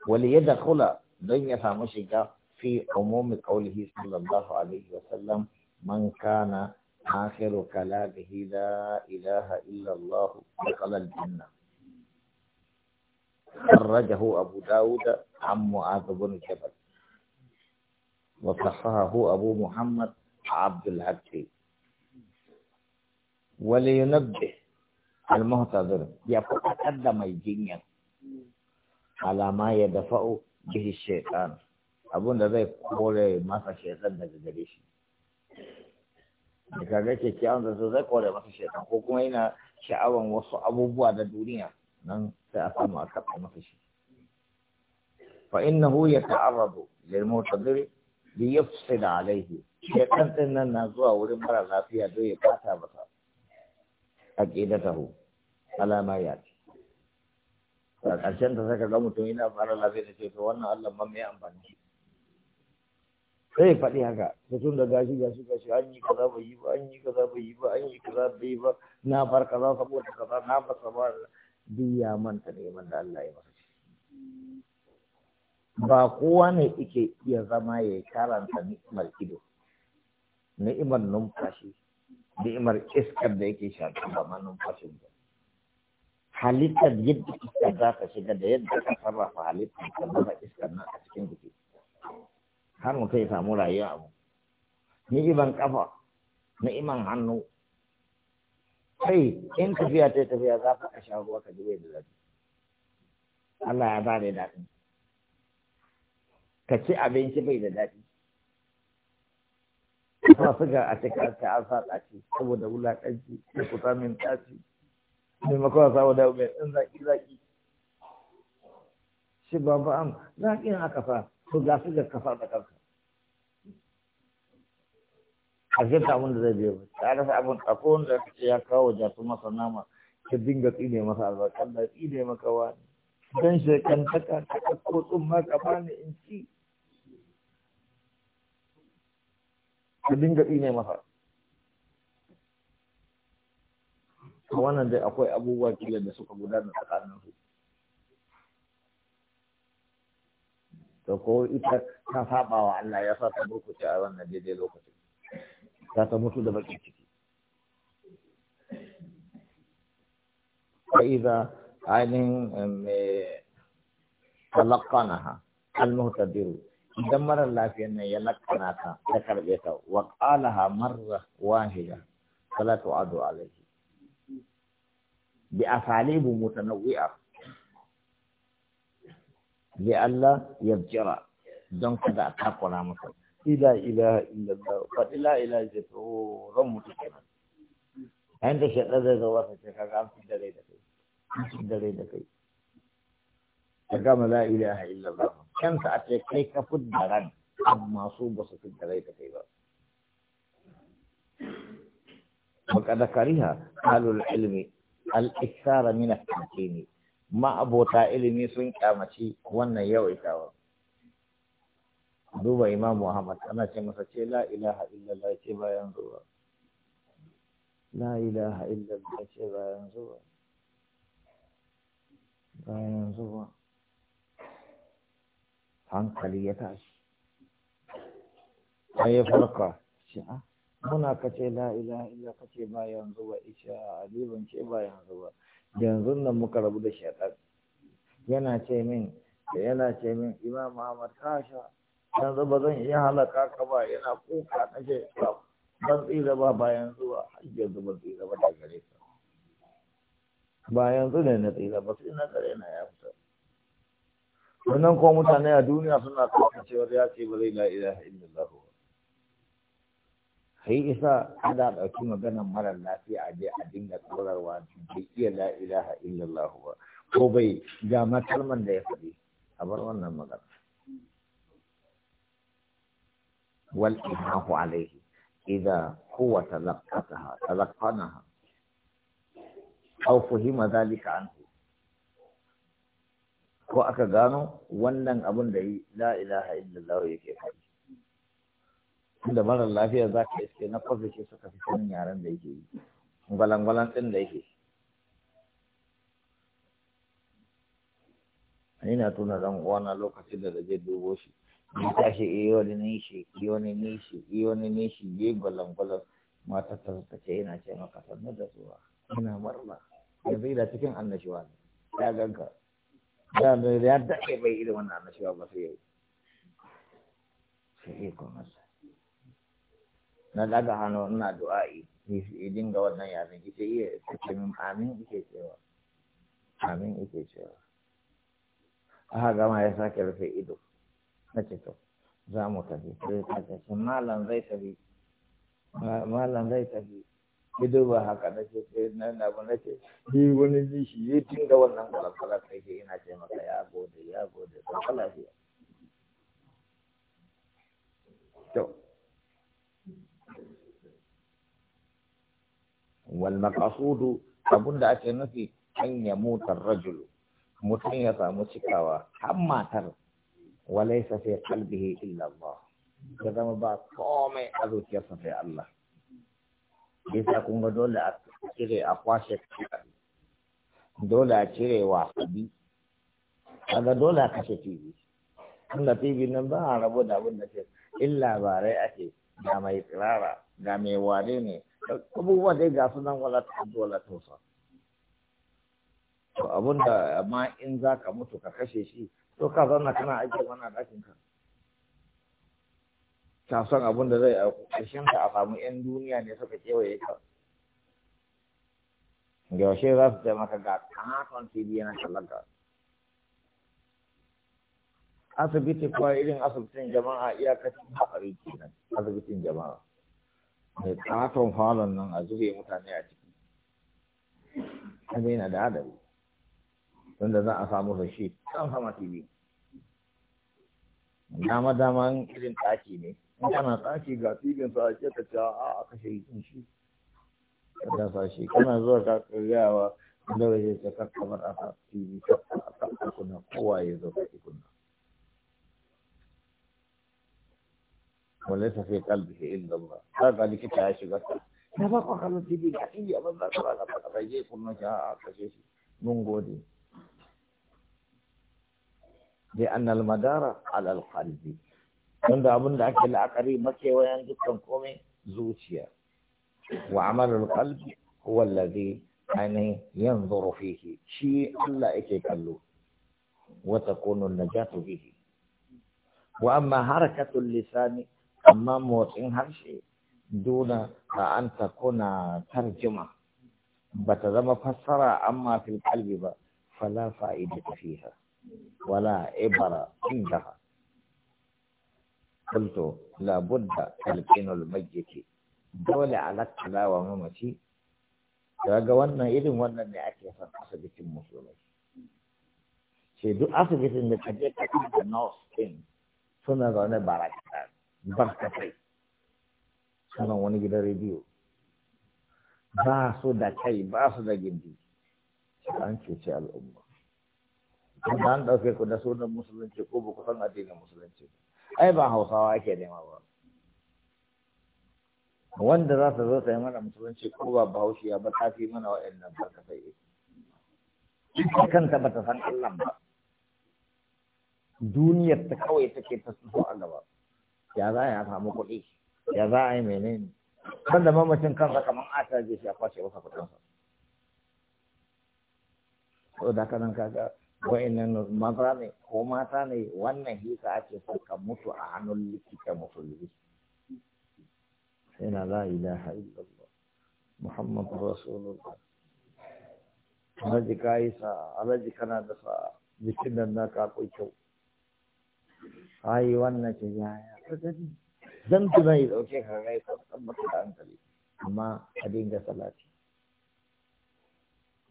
وليدخل دنيا يسامو شكا في عموم قوله صلى الله عليه وسلم من كان آخر كلامه لا إله إلا الله دخل الجنة خرجه أبو داود عن معاذ بن جبل وصححه أبو محمد عبد الحكيم ولينبه al-muhtazir ya faɗaɗar da mai jinyar alama ya dafa'u bihi shaitan abun da zai kore masa shaitan daga gare shi da kaga kyakkyawan da zai kore masa shaitan ko kuma yana sha'awan wasu abubuwa da duniya nan sai a samu a kafa masa shi fa innahu yata'arradu lil muhtazir li yafsida alayhi shaitan din nan na zuwa wurin mara lafiya do ya kata masa aqidatahu ala ma yati a ƙarshen ta saka ga mutum yana fara lafiya da ce to wannan Allah ban mai amfani sai faɗi haka tun da gashi gashi gashi an yi kaza bai yi ba an yi kaza bai yi ba an yi kaza bai yi ba na far kaza saboda kaza na ba saboda duk ya manta neman da Allah ya masa ba kowa ne yake iya zama ya karanta ni'imar ido ni'imar numfashi ni'imar iskar da yake shafi ba numfashin ba halittar yadda iskar za ta shiga da yadda ka sarrafa halittar ka zama iskar nan a cikin jiki har mutum ya samu rayuwa abu ni'iman kafa ni'iman hannu kai in tafiya ta tafiya za ka kashe ruwa ka jiwe da zafi Allah ya ba da daɗi ka ci abinci bai da daɗi ba su ga a cikin ta an sa ɗaci saboda wulaƙanci da kusa min ɗaci maimakon a samu mai ɗan zaƙi zaƙi shi ba ba am zaƙin aka sa to ga su ga kafa da kanka a zai abin da zai biyo ta rasa abin akwai wanda ya kawo jatu masa nama ka dinga tsine masa albarkar da tsine maka wani don shekantaka ta ɗauko tsumma ka bani in ci ka dinga ne masa a wannan dai akwai abubuwa kila da suka gudana tsakanin su to ko ita ta saba wa Allah ya sa ta burkuce a wannan daidai lokacin ta ta mutu da baki ciki فإذا عين تلقنها المهتدرون idan marar lafiyar nan ya lakana ta ta karbe ta wa qalaha marra wahida salatu adu alayhi bi asalib mutanawwi'a li alla yajra don kada ta kula masa ila ila illa Allah fa ila ila jato oh, ran mutu shi da shaɗa zai zo wasa ce kaga an fi dare da kai an fi dare da kai a gama la ilaha illallah kanta a ce kai ka fi da ran amma su ba su fita rai ta kai ba maka da kariha halul ilmi al-iksara mina kankini ma abota ilimi sun kyamaci wannan yau ikawa duba imam muhammad ana ce masa ce la ilaha illallah ce bayan zuwa la ilaha illallah ce bayan zuwa bayan zuwa hankali ya tashi a ya farka shi a ah, muna kace la'ila, ilaha illa kace ba yanzu ba isha aliban ce ba yanzu ba yanzu nan muka rabu da shaɗar yana ce min yana ce min imam muhammad sha. yanzu ba zan iya halaka ka ba yana kuka na ce ban tsira ba ba yanzu ba har yanzu ban tsira ba da gare ka ba yanzu ne na tsira ba sai na gare na ya fita wannan kuma mutane a duniya suna kasancewar ya ce ba zai la ilaha illallah ba sai isa ana ɗauki maganar marar lafiya a je a dinga tsorarwa bai iya la ilaha illallah ba ko bai ga makalman da ya faɗi a bar wannan magana wal ihahu alaihi idza huwa talaqqataha talaqqanaha aw fahima dhalika anhu ko aka gano wannan abun da yi la ilaha illallah yake faɗi da marar lafiya za ka iske na kwafi shi suka fi sanin yaren da yake yi gwalangwalan ɗin da yake na tuna dan uwana lokacin da zai dubo shi ya tashi iya eh, wani nishi iya eh, wani nishi iya eh, wani nishi ya yi gwalangwalan Mata ta ta ce ina ce maka sannu da zuwa ina murna yanzu da cikin annashuwa ne ya ganka da ya daɗe bai irin wannan annashuwa ba sai yau sai ikon masa na daga hannu ina du'a'i ya dinga wannan yaren ita iya kace amin ike cewa amin ike cewa aka gama ya sake rufe ido na ce to za mu tafi sai ka ce malam zai tafi malam zai tafi ido ba haka na ce sai na na ba na ce ni wani shi ya dinga wannan kalakala sai ke ina ce maka ya gode ya gode ka shi to wal maqsudu abunda ake nufi an ya muta rajulu mutum ya samu cikawa har matar walaysa fi qalbihi illa Allah ya zama ba komai a zuciyarsa sai Allah yasa kun ga dole a cire a kwashe dole a cire wasabi kaga dole a kashe tv tunda tv nan ba a rabo da abin da ke in labarai ake ga mai tsirara ga mai ware ne abubuwa dai ga su nan wala ta wala to abin da amma in za ka mutu ka kashe shi to ka zauna kana ajiye wannan ɗakin ka ta san abin da zai aiko ƙarshen ka a samu 'yan duniya ne suka kewaye ka yaushe za su taimaka ga katon tv yana kallaka asibiti kuwa irin asibitin jama'a iyakacin haɗari kenan asibitin jama'a mai katon falon nan a zube mutane a ciki kaga yana da hadari wanda za a samu rashi kan sama tv dama dama irin ɗaki ne kana tashi ga tibin sa ake ka ce a a kashe yi shi kada sa shi kana zuwa ka kagawa da waje ta kakkamar a ka tibi ka a kuna kowa ya zo ka kuna وليس في قلبه إلا الله هذا لكي عايش قصة na ba kwa kallon tv ga iya ba za ka ba ka ba je kuma ka a kashe shi mun gode dai annal madara alal qalbi wanda abin da ake la'akari makewayen dukkan komai zuciya wa amalul qalbi huwa allazi ainihin yanzuru fihi shi Allah yake kallo wa takunu najatu fihi wa amma harakatul lisani amma motsin harshe duna ka an takuna tarjuma bata zama fassara amma fil qalbi ba fala fa'idatu fiha wala ibara indaha قلت لابد تلقين الميت dole a lattala wa mamaci daga wannan irin wannan ne ake son asibitin musulmai sai duk asibitin da kaje ka da nurse din suna zaune barakata barkatai sanan wani gidan rediyo ba su da kai ba su da gindi an ce al'umma an ɗauke ku da sunan musulunci ko ba ku san addinin musulunci ai ba hausawa ake nema ba wanda za su zo sai mana musulunci ko ba bahaushe ya ba ta fi mana waɗannan barkatai ita kanta ba ta san Allah ba duniyar ta kawai take ta so a gaba ya za a samu kuɗi ya za a yi menene kan da mamacin kansa kamar ata je shi a kwashe masa kuɗinsa saboda haka nan kaga wa'annan maza ne ko mata ne wannan hisa ake son ka mutu a hannun likita musulmi sai na la ilaha illallah muhammad rasulullah alhaji ka yi sa alhaji kana da sa jikin nan na ka kai kyau ai wannan ce yaya gani. zan tuna yi dauke ka rai ka tabbata da hankali amma a dinga salati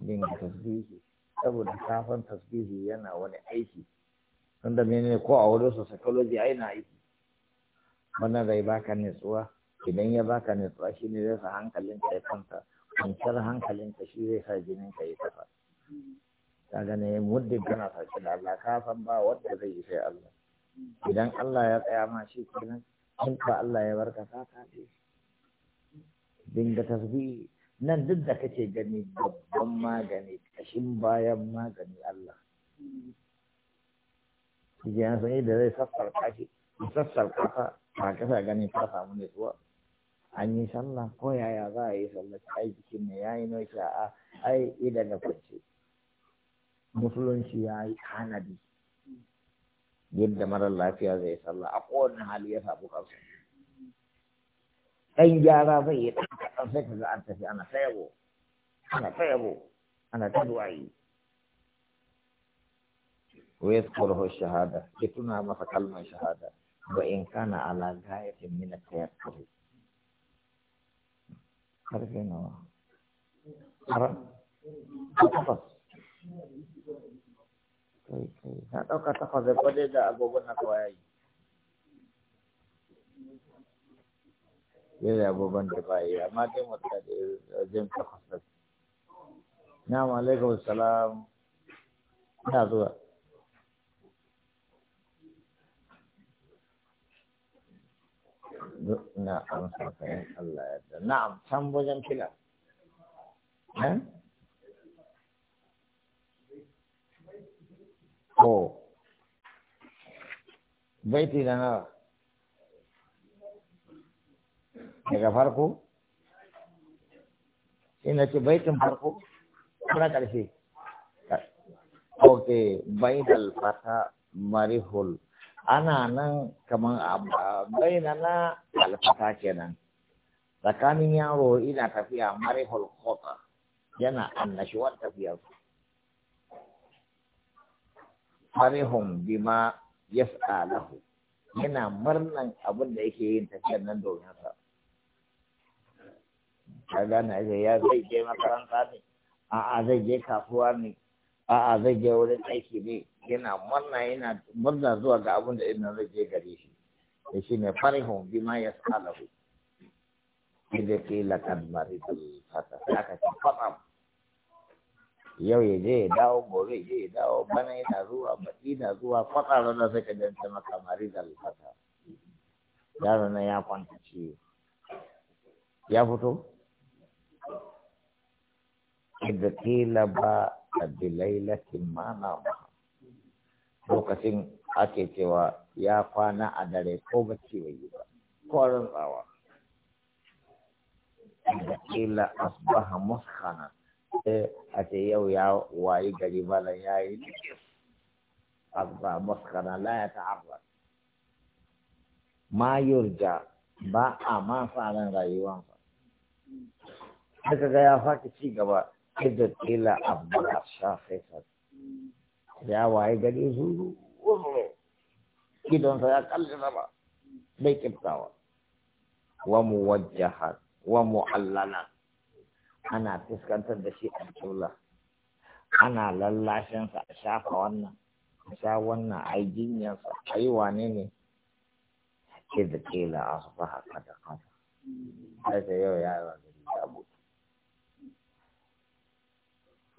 dinga tasbihi saboda kafan tasbihi yana wani aiki tunda menene ko a wurin su psychology ai na aiki wannan zai baka nutsuwa idan ya baka nutsuwa shi ne zai sa hankalin ka ya kwanta kwanciyar hankalin ka shi zai sa jinin ka ya tafa ka gane muddin kana sauki da Allah ka san ba wanda zai yi sai Allah idan Allah ya tsaya ma shi kenan in ba Allah ya barka ka ka dinga tasbihi nan duk da kake gani babban magani kashin bayan magani Allah jiyan sai da zai sassar shi sassar ka ba ka sa gani ta samu ne tuwa an yi sallah ko yaya za a yi sallah ai jikin ne yi noki a ai ida na kwance musulunci ya yi hanadi. yadda marar lafiya zai sallah a kowane hali ya samu kansa أين جاء راضي أرسلت إلى أنت في أنا فيبو أنا فيبو أنا تدوعي ويذكره الشهادة جئتنا ما فكلم الشهادة وإن كان على غاية من التيكر عارفين هو عرف طيب طيب هذا كتخذ بديدة أبو بنا كوائي irin abubuwan da ba yi amma dai mutum da jin takwas da na malaikum salam ina zuwa na amsa kayan Allah ya da na'am can wajen fila ko eh? oh. baiti da nawa daga farko ina ce baitin farko kuna ƙarshe ok bainal fata marihul ana nan kamar baina na alfata kenan tsakanin yaro ina tafiya marihul kota yana annashuwar tafiyar marihun bima yas'a lahu yana murnan abin da yake yin tafiyar nan domin sa kaga na aje ya zai je makaranta ne a'a zai je kasuwa ne a'a zai je wurin aiki ne yana murna yana murna zuwa ga abin da idan zai je gare shi da shi ne farihun bima ya salahu da ke lakan maritul fata aka ci faɗa yau ya je ya dawo gobe ya je ya dawo bana yana zuwa baki na zuwa faɗa rana sai ka danta maka maritul fata yaro na ya kwanta ciwo ya fito idza qila ba abilailatin ma nama lokacin ake cewa ya kwana a dare ko ba bacci bai yi ba ko rantsawa idza qila asbaha muskana. sai a ce yau ya wayi gari malam ya yi likis la ya ta'abba ma yurja ba a ma sa ran rayuwansa ga ya faki ci gaba idan a abba shafisat ya waye gari su wuzuru gidansa ya kalli ba, bai kiftawa wa mu har wa mu allana ana fuskantar da shi a kula ana lallashinsa a shafa wannan a sha wannan a yi a yi wane ne ke da a su faha kada kasa. sai yau ya yi wani abu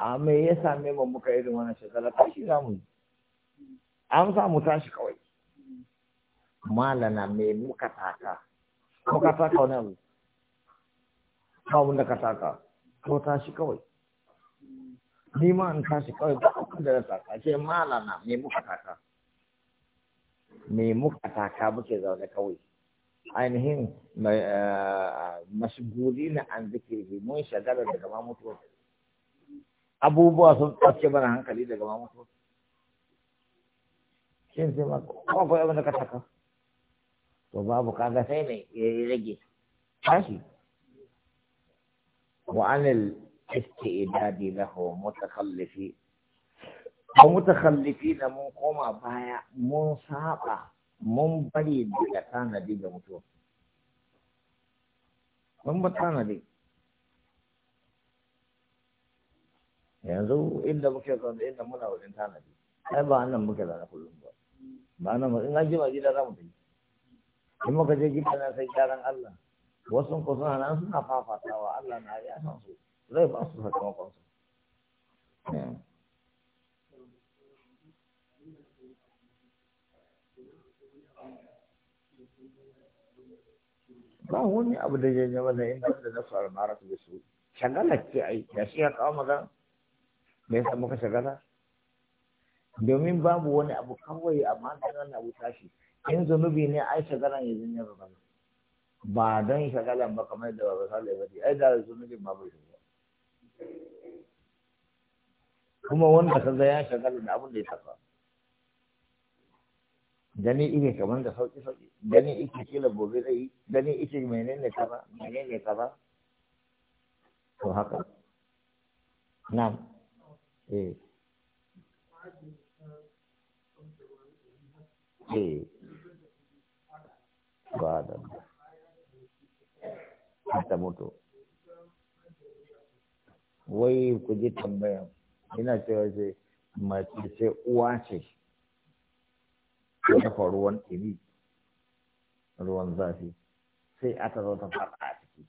a ah, me ya same mu muka irin wannan shekara tashi za mu yi an mu tashi kawai malana me muka taka muka taka wani abu ba wanda ka taka ko tashi kawai ni ma an tashi kawai ba abin da na taka ce malana me muka taka me muka taka muke zaune kawai ainihin eh, mashiguri na an zikiri mun shagala daga mamutuwa abubuwa sun ɗauke mana hankali daga ma mutu shin sai ma kuma ko abin da ka taka. to babu kaga sai ne ya rage tashi wa anil istidadi lahu mutakallifi wa mutakallifi da mun koma baya mun saba mun bari daga tanadi da mutuwa mun ba tanadi yanzu inda muke zaune inda muna wajen tanadi ai ba nan muke zaune kullum ba ba nan in an jima gida za mu tafi in muka je gida na sai gyaran Allah wasu ko suna nan suna fafatawa Allah na ya san su zai ba su sakamakon su hmm. ba wani abu da jajjaba da in da na faru mara su shagalar ke aiki da shi ya kawo magana me yasa muka shagala domin babu wani abu kawai amma nan abu tashi in zunubi ne ai shagalan ya zanya ba ba don shagalan ba kamar da ba sa laifari ai da zunubin ba bai shiga kuma wanda ka ga ya shagala da abin da ya tafa gani ike kamar da sauki sauki gani ike kila gobe zai gani ike menene kaza menene kaza to haka na'am eh, eh. mutu wai ku ji tambaya ina cewa ce mace ce uwa ce dafa ruwan ɗimi ruwan zafi sai aka zo ta fara a ciki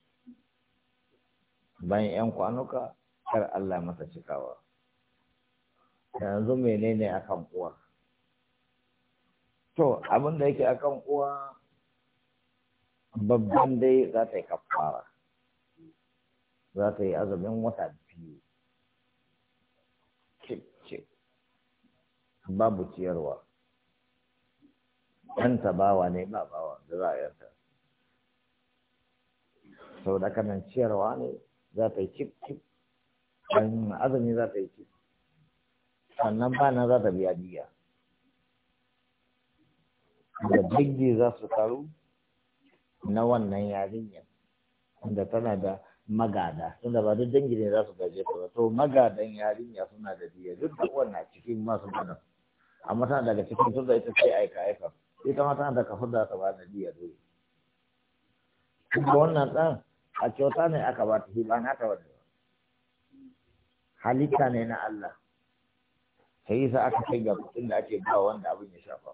bayan 'yan kwanuka kar Allah masa cikawa yanzu menene akan uwa to abin da yake akan uwa babban dai za ta yi kafara za ta yi azumin wata biyu cip babu ciyarwa ɗanta bawa ne ba bawa da za a yanta sau da kanan ciyarwa ne za ta yi cip cip azumi za ta yi cip sannan ba nan za ta biya diya da jirgi za su karu na wannan yarinya. da tana da magada inda ba duk dangi ne za su gaje ta ba to magadan yarinya suna da biya. duk da wannan cikin masu gada amma tana daga cikin da ita sai aika aika ita ma tana da kafin da ta ba da biya dole kuma wannan ɗan a kyauta ne aka ba ta shi ba na ta wani halitta ne na Allah yi sa aka kai ga kudin da ake ba wanda abin ya shafa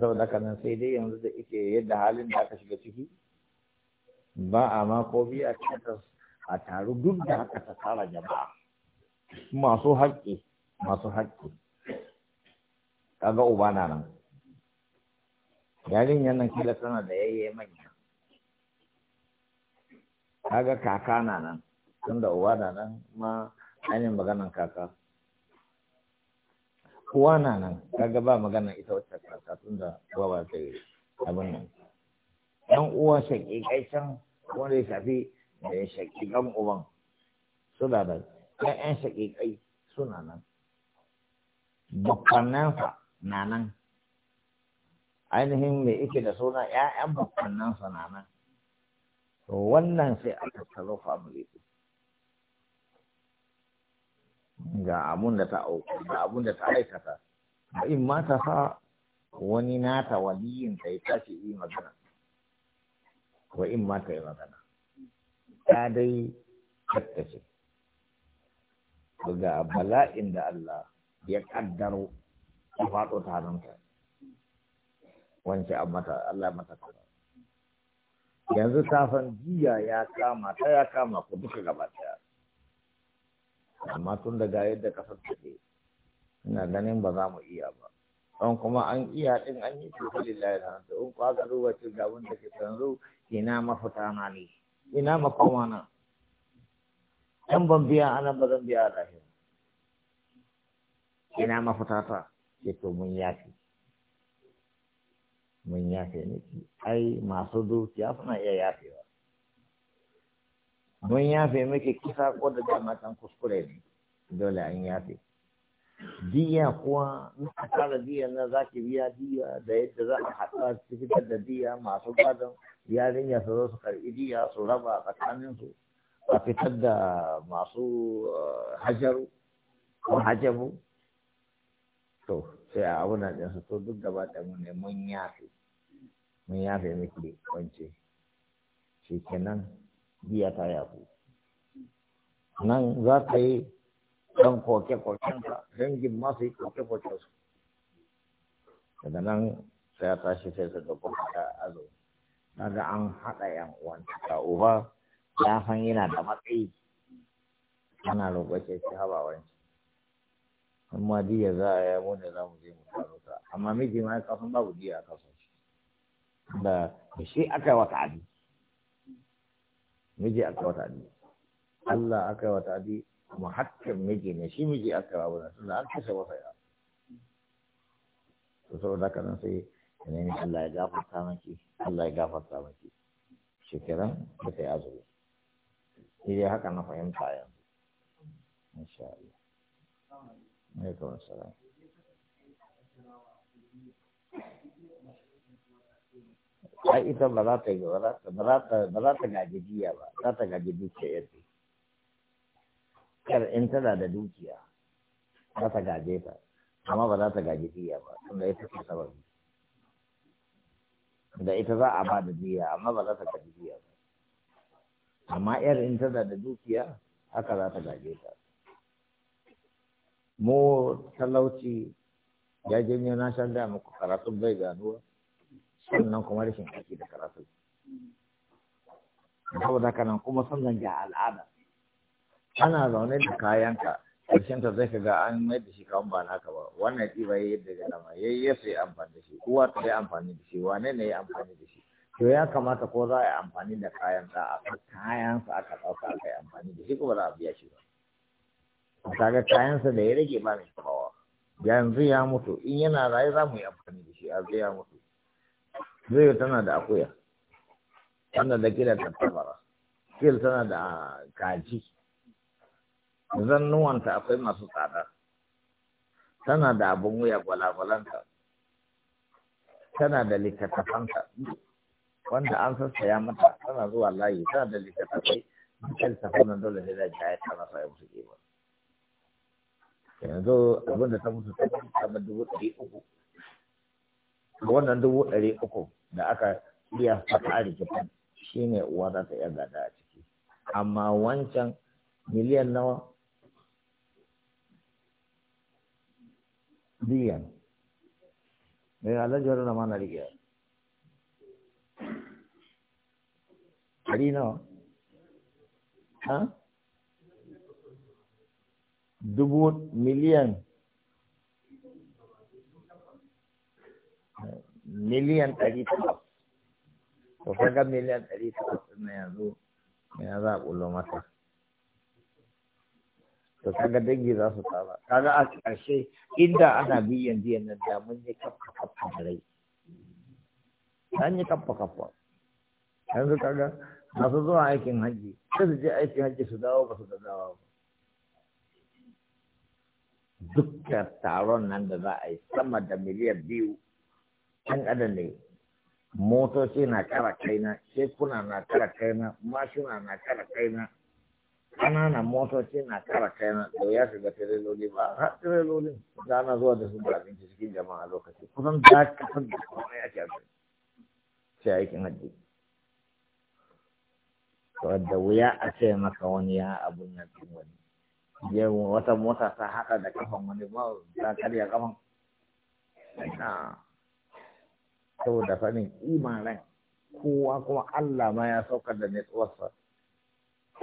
saboda haka nan sai dai yanzu da ike yadda halin da aka shiga ciki ba a ma ko bi a taru duk da haka ta tsara jama'a masu haƙƙi masu haƙƙi kaga uba na nan yarin yana kila tana da yayye manya kaga kaka na nan tunda uba na nan ma ainihin maganan kaka kowa na nan kaga ba magana ita wacce ta tun da kowa ba ta yi abin nan yan uwa shaƙiƙai can wanda ya shafi da ya ɗan uban su da ƴaƴan shaƙiƙai suna nan bakwannansa na nan ainihin mai ike da suna ƴaƴan bakwannansa na nan to wannan sai a tattaro family ga abun da ta auku ga abun da ta aikata in ma ta sa wani nata waliyin ta ya tashi yi magana wa in ma ta yi magana ta dai tattace ga bala'in da Allah ya kaddaro a faɗo ta hannunta wance a mata Allah mata kaza yanzu ta san jiya ya kama ta ya kama ku duka gabata amma tun daga yadda kasar take ina ganin ba za mu iya ba don kuma an iya din an yi tuka lillahi da hannu in kwa garu wacce ga wanda da ke canzu ina mafita na ne ina makoma na Yan ban biya a nan ba zan biya a lahira ina mafita ta Ke to mun yafi mun yafe miki ai masu dukiya suna iya yafewa mun yafe miki kisa ko da dama kuskure ne dole an yafe diya kuwa na a tara diya na za ki biya diya da yadda za a haɗa su fitar da diya masu gadon yarinya su zo su karɓi diya su raba tsakaninsu a fitar da masu eh, hajaru ko hajabu to sai a ɗin su, to duk da mu ne mun yafe mun yafe miki wance shi kenan diya ta yafu nan za ka yi don koke ka, dangin masu yi koke su. daga nan sai ya tashi sai su ta da Na ga an haɗa yan uwan ta uba ya san yana da matsayi ana lokaci shi haɓa wani amma diya za a yabo ne za mu je mu faru ka. amma miji ma ya babu diya a kasan da shi aka yi wata ta'adi. miji aka yi wata ta'adi. Allah aka yi wata ta'adi kuma hakan miji ne shi miji aka rabu na suna an kashe masa ya to saboda haka nan sai ne ne Allah ya gafarta miki Allah ya gafarta miki shekaran da sai azumi shi dai haka na fahimta yanzu insha Allah alaikum assalam ai ita ba za ta yi ba za ta gaji jiya ba za ta gaji dukiyar yadda kar in tana da dukiya za ta gaje ta amma ba za ta gaje diya ba tunda ita ce sababi da ita za a ba da diya amma ba za ta gaje diya ba amma yar in tana da dukiya haka za ta gaje ta mu talauci ya janyo na shan da muku karatun bai ganuwa sannan kuma rashin aiki da karatu saboda haka nan kuma sannan ga al'ada ana zaune da kayanka karshen ta zai ga an mai da shi kawon ba naka ba wannan ba ya yadda ga nama. ya yi yasa ya amfani da shi uwa ta yi amfani da shi wane ne ya amfani da shi to ya kamata ko za a yi amfani da kayan sa a kayan sa aka ɗauka aka yi amfani da shi ko ba za a biya shi ba kaga kayan sa da ya rage ba mai kawawa yanzu ya mutu in yana raye za mu yi amfani da shi a zai ya mutu zai tana da akuya tana da kila tattabara kila tana da kaji zannuwanta akwai masu tsada tana da abin wuya gwalagwalanta tana da likatafanta wanda an sassaya mata tana zuwa layi tana da likatafai littattafai tafana dole ne zai jaya ta masa yau suke ba yanzu abin da ta mutu ta kama dubu ɗari uku wannan dubu ɗari uku da aka iya fata a rikitan shi ne uwa za ta iya gada a ciki amma wancan miliyan nawa diyan mai alhaji wani rama na rigiya hari nawa ha dubu miliyan miliyan ɗari takwas to kaga miliyan ɗari takwas na yanzu za a ƙullo to kaga dangi za su tsara kaga a ƙarshe inda ana biyan biyan nan da mun yi kafa kafa da rai an yi kafa kafa yanzu kaga masu zuwa aikin hajji sai su je aikin hajji su dawo ba su da dawa ba dukkan taron nan da za a yi sama da miliyan biyu can adam ne motoci na kara kaina kekuna na kara kaina mashina na kara kaina ƙananan motoci na kai na da ya shiga tireloli ba har tirelolin da ana zuwa da su da abinci cikin jama'a lokaci kusan da kasar da kuma ya ce abin sai aikin hajji to da wuya a ce maka wani ya abun ya fi wani yau wata mota ta haɗa da kafan wani ba ta karya kafan na saboda sanin imanin kowa kuma Allah ma ya saukar da nutsuwarsa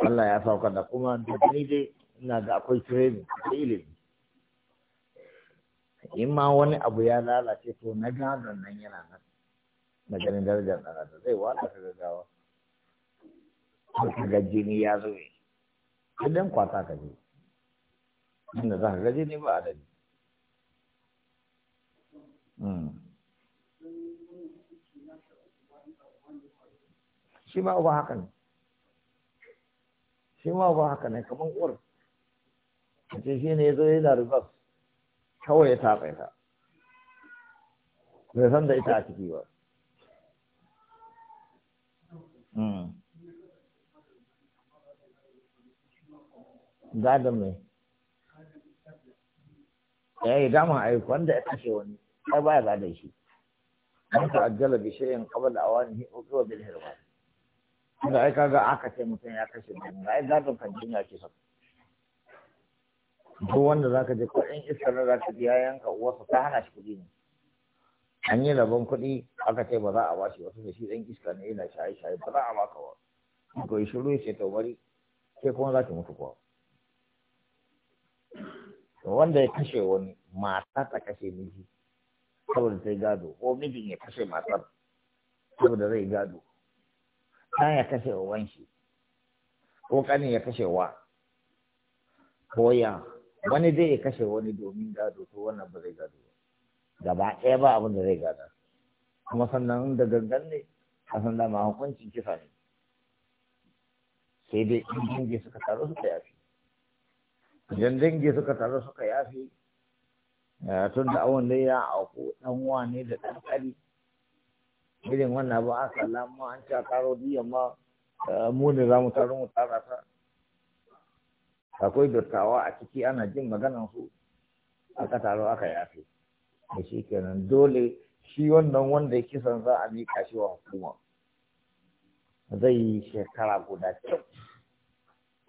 Allah ya sauka da kuma duk ni dai ina ga akwai training da ilimi in ma wani abu ya lalace to na gadon nan yana nan na ganin darajar ɗan adam zai wata ka gaggawa har ka ga jini ya zo ne. idan kwata ka je inda za ka ga jini ba ni. Hmm. shi ba uba hakan shi ma ba haka ne kamar uwar ce shi ne zo da ribas kawai ya taɓa ita bai san da ita a ciki ba hmm. gadon mai ya yi dama a yi wanda ya kashe wani ya baya gadon shi an ta'ajjala bi da awa ne uqwa bil hirman da ai kaga aka ce mutum ya kashe mutum ai gadon kan jinya ke sa duk wanda zaka je ko in iska na za ji biya yanka uwarsa ta hana shi kuɗi ne an yi rabon kuɗi aka ce ba za a bashi wasu da shi ɗan iska ne yana shaye shaye ba za a baka ba ko shiru ya ce to bari sai kuma za ki mutu kuwa wanda ya kashe wani mata ta kashe miji saboda sai gado ko mijin ya kashe matar saboda zai gado kan ya kashe uwan shi ko kanin ya kashe wa ko ya wani zai ya kashe wani domin gado to wannan ba zai gado gaba ɗaya ba abin da zai gada kuma sannan da gangan ne a san ma hukuncin kisa ne sai dai in dangi suka taru suka yafi idan dangi suka taru suka yafi eh, tun da awon da ya auku ɗan wane da ɗan ƙari irin wannan abu an kalla mu an a karo diya ma eh, mu ne za mu taro mu tsara ta akwai dottawa a ciki ana jin maganan su aka taro aka yafe da shi kenan dole shi wannan wanda yake kisan za a miƙa shi wa hukuma zai yi shekara guda kyau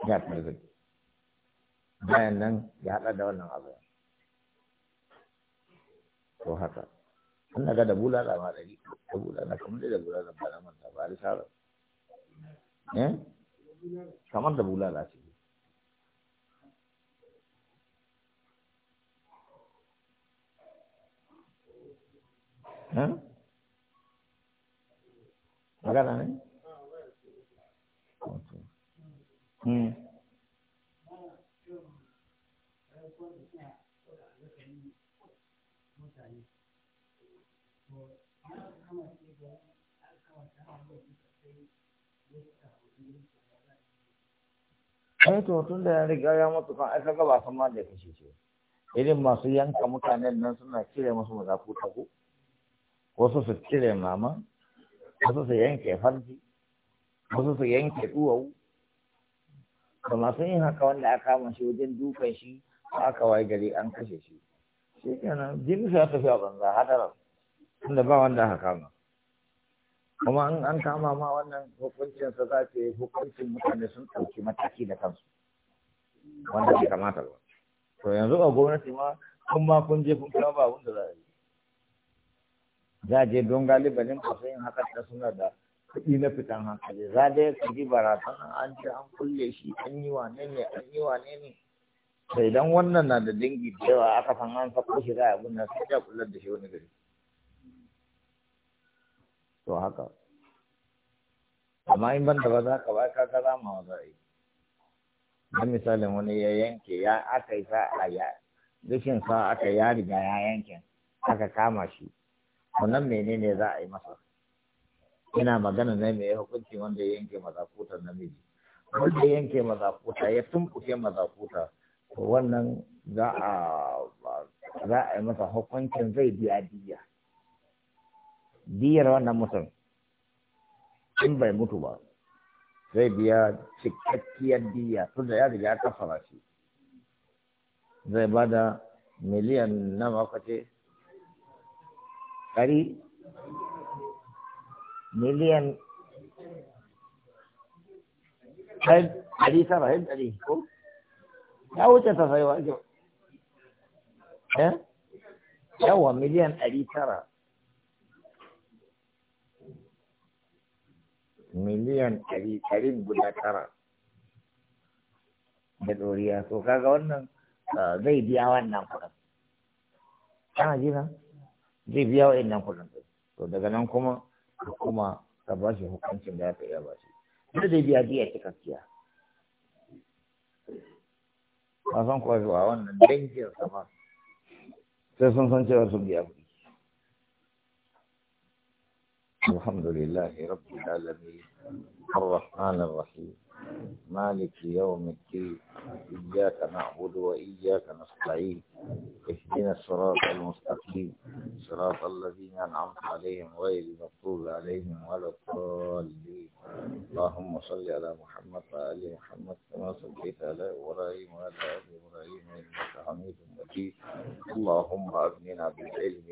ya tarzai bayan nan ya haɗa da wannan abu to haka an ga da bulala ma ɗari da bulala kamar da bulala ba na manta ba da sarar eh kamar da bulala ce eh? magana ne? Hmm. kai to tun da ya riga ya mutu kan aka ba san ma da kashe ce irin masu yanka mutanen nan suna cire musu mazafu ta ku wasu su cire mama wasu su yanke farji wasu su yanke duwawu da masu yin haka wanda aka kama shi wajen dukan shi aka waye gari an kashe shi shi kenan jini ta tafi a banza hadarar tunda ba wanda aka kama kuma an kama ma wannan hukuncin sa za ta yi hukuncin mutane sun ɗauki mataki da kansu wanda bai kamata ba to yanzu a gwamnati ma kun ma kun je kun kama ba wanda za a yi za a je don galibanin kasu yin haka ta suna da kuɗi na fitan hankali za dai ka ji an ce an kulle shi an yi wane ne an yi wane ne sai idan wannan na da dangi da yawa aka san an sako shi za a yi abin sai ya kullar da shi wani gari to haka amma in ban da ba za ka ba ka ka zama za yi dan misalin wani ya yanke ya aka yi sa a ya rashin sa aka ya riga ya yanke aka kama shi wannan menene za a yi masa ina magana ne mai hukunci wanda ya yanke mazakutar namiji wanda ya yanke mazakuta ya tumbuke mazakuta to wannan za a za a yi masa hukuncin zai biya diya diyar wannan mutum in bai mutu ba zai biya cikakkiyar diya tunda ya riga kafara shi zai ba da miliyan na makwace ɗari miliyan ɗari tara yin ɗari ko ya wuce ta Ya wa eh? miliyan ɗari tara miliyan ɗari ɗari guda tara da ɗoriya to kaga wannan zai biya wannan kuɗin kana ji na zai biya wa wa'annan kuɗin to daga nan kuma kuma ka ba shi hukuncin da aka iya ba shi duk zai biya biya cikakkiya ba san kuwa zuwa wannan dangin sama sai sun san cewa sun biya kuɗi الحمد لله رب العالمين الرحمن الرحيم مالك يوم الدين إياك نعبد وإياك نستعين اهدنا الصراط المستقيم صراط الذين أنعمت عليهم غير المغضوب عليهم ولا الضالين اللهم صل على محمد وآل محمد كما صليت على إبراهيم وعلى آل إبراهيم إنك حميد مجيد اللهم أغننا بالعلم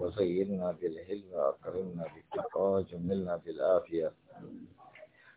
وزينا بالعلم وأكرمنا بالتقوى وجملنا بالعافية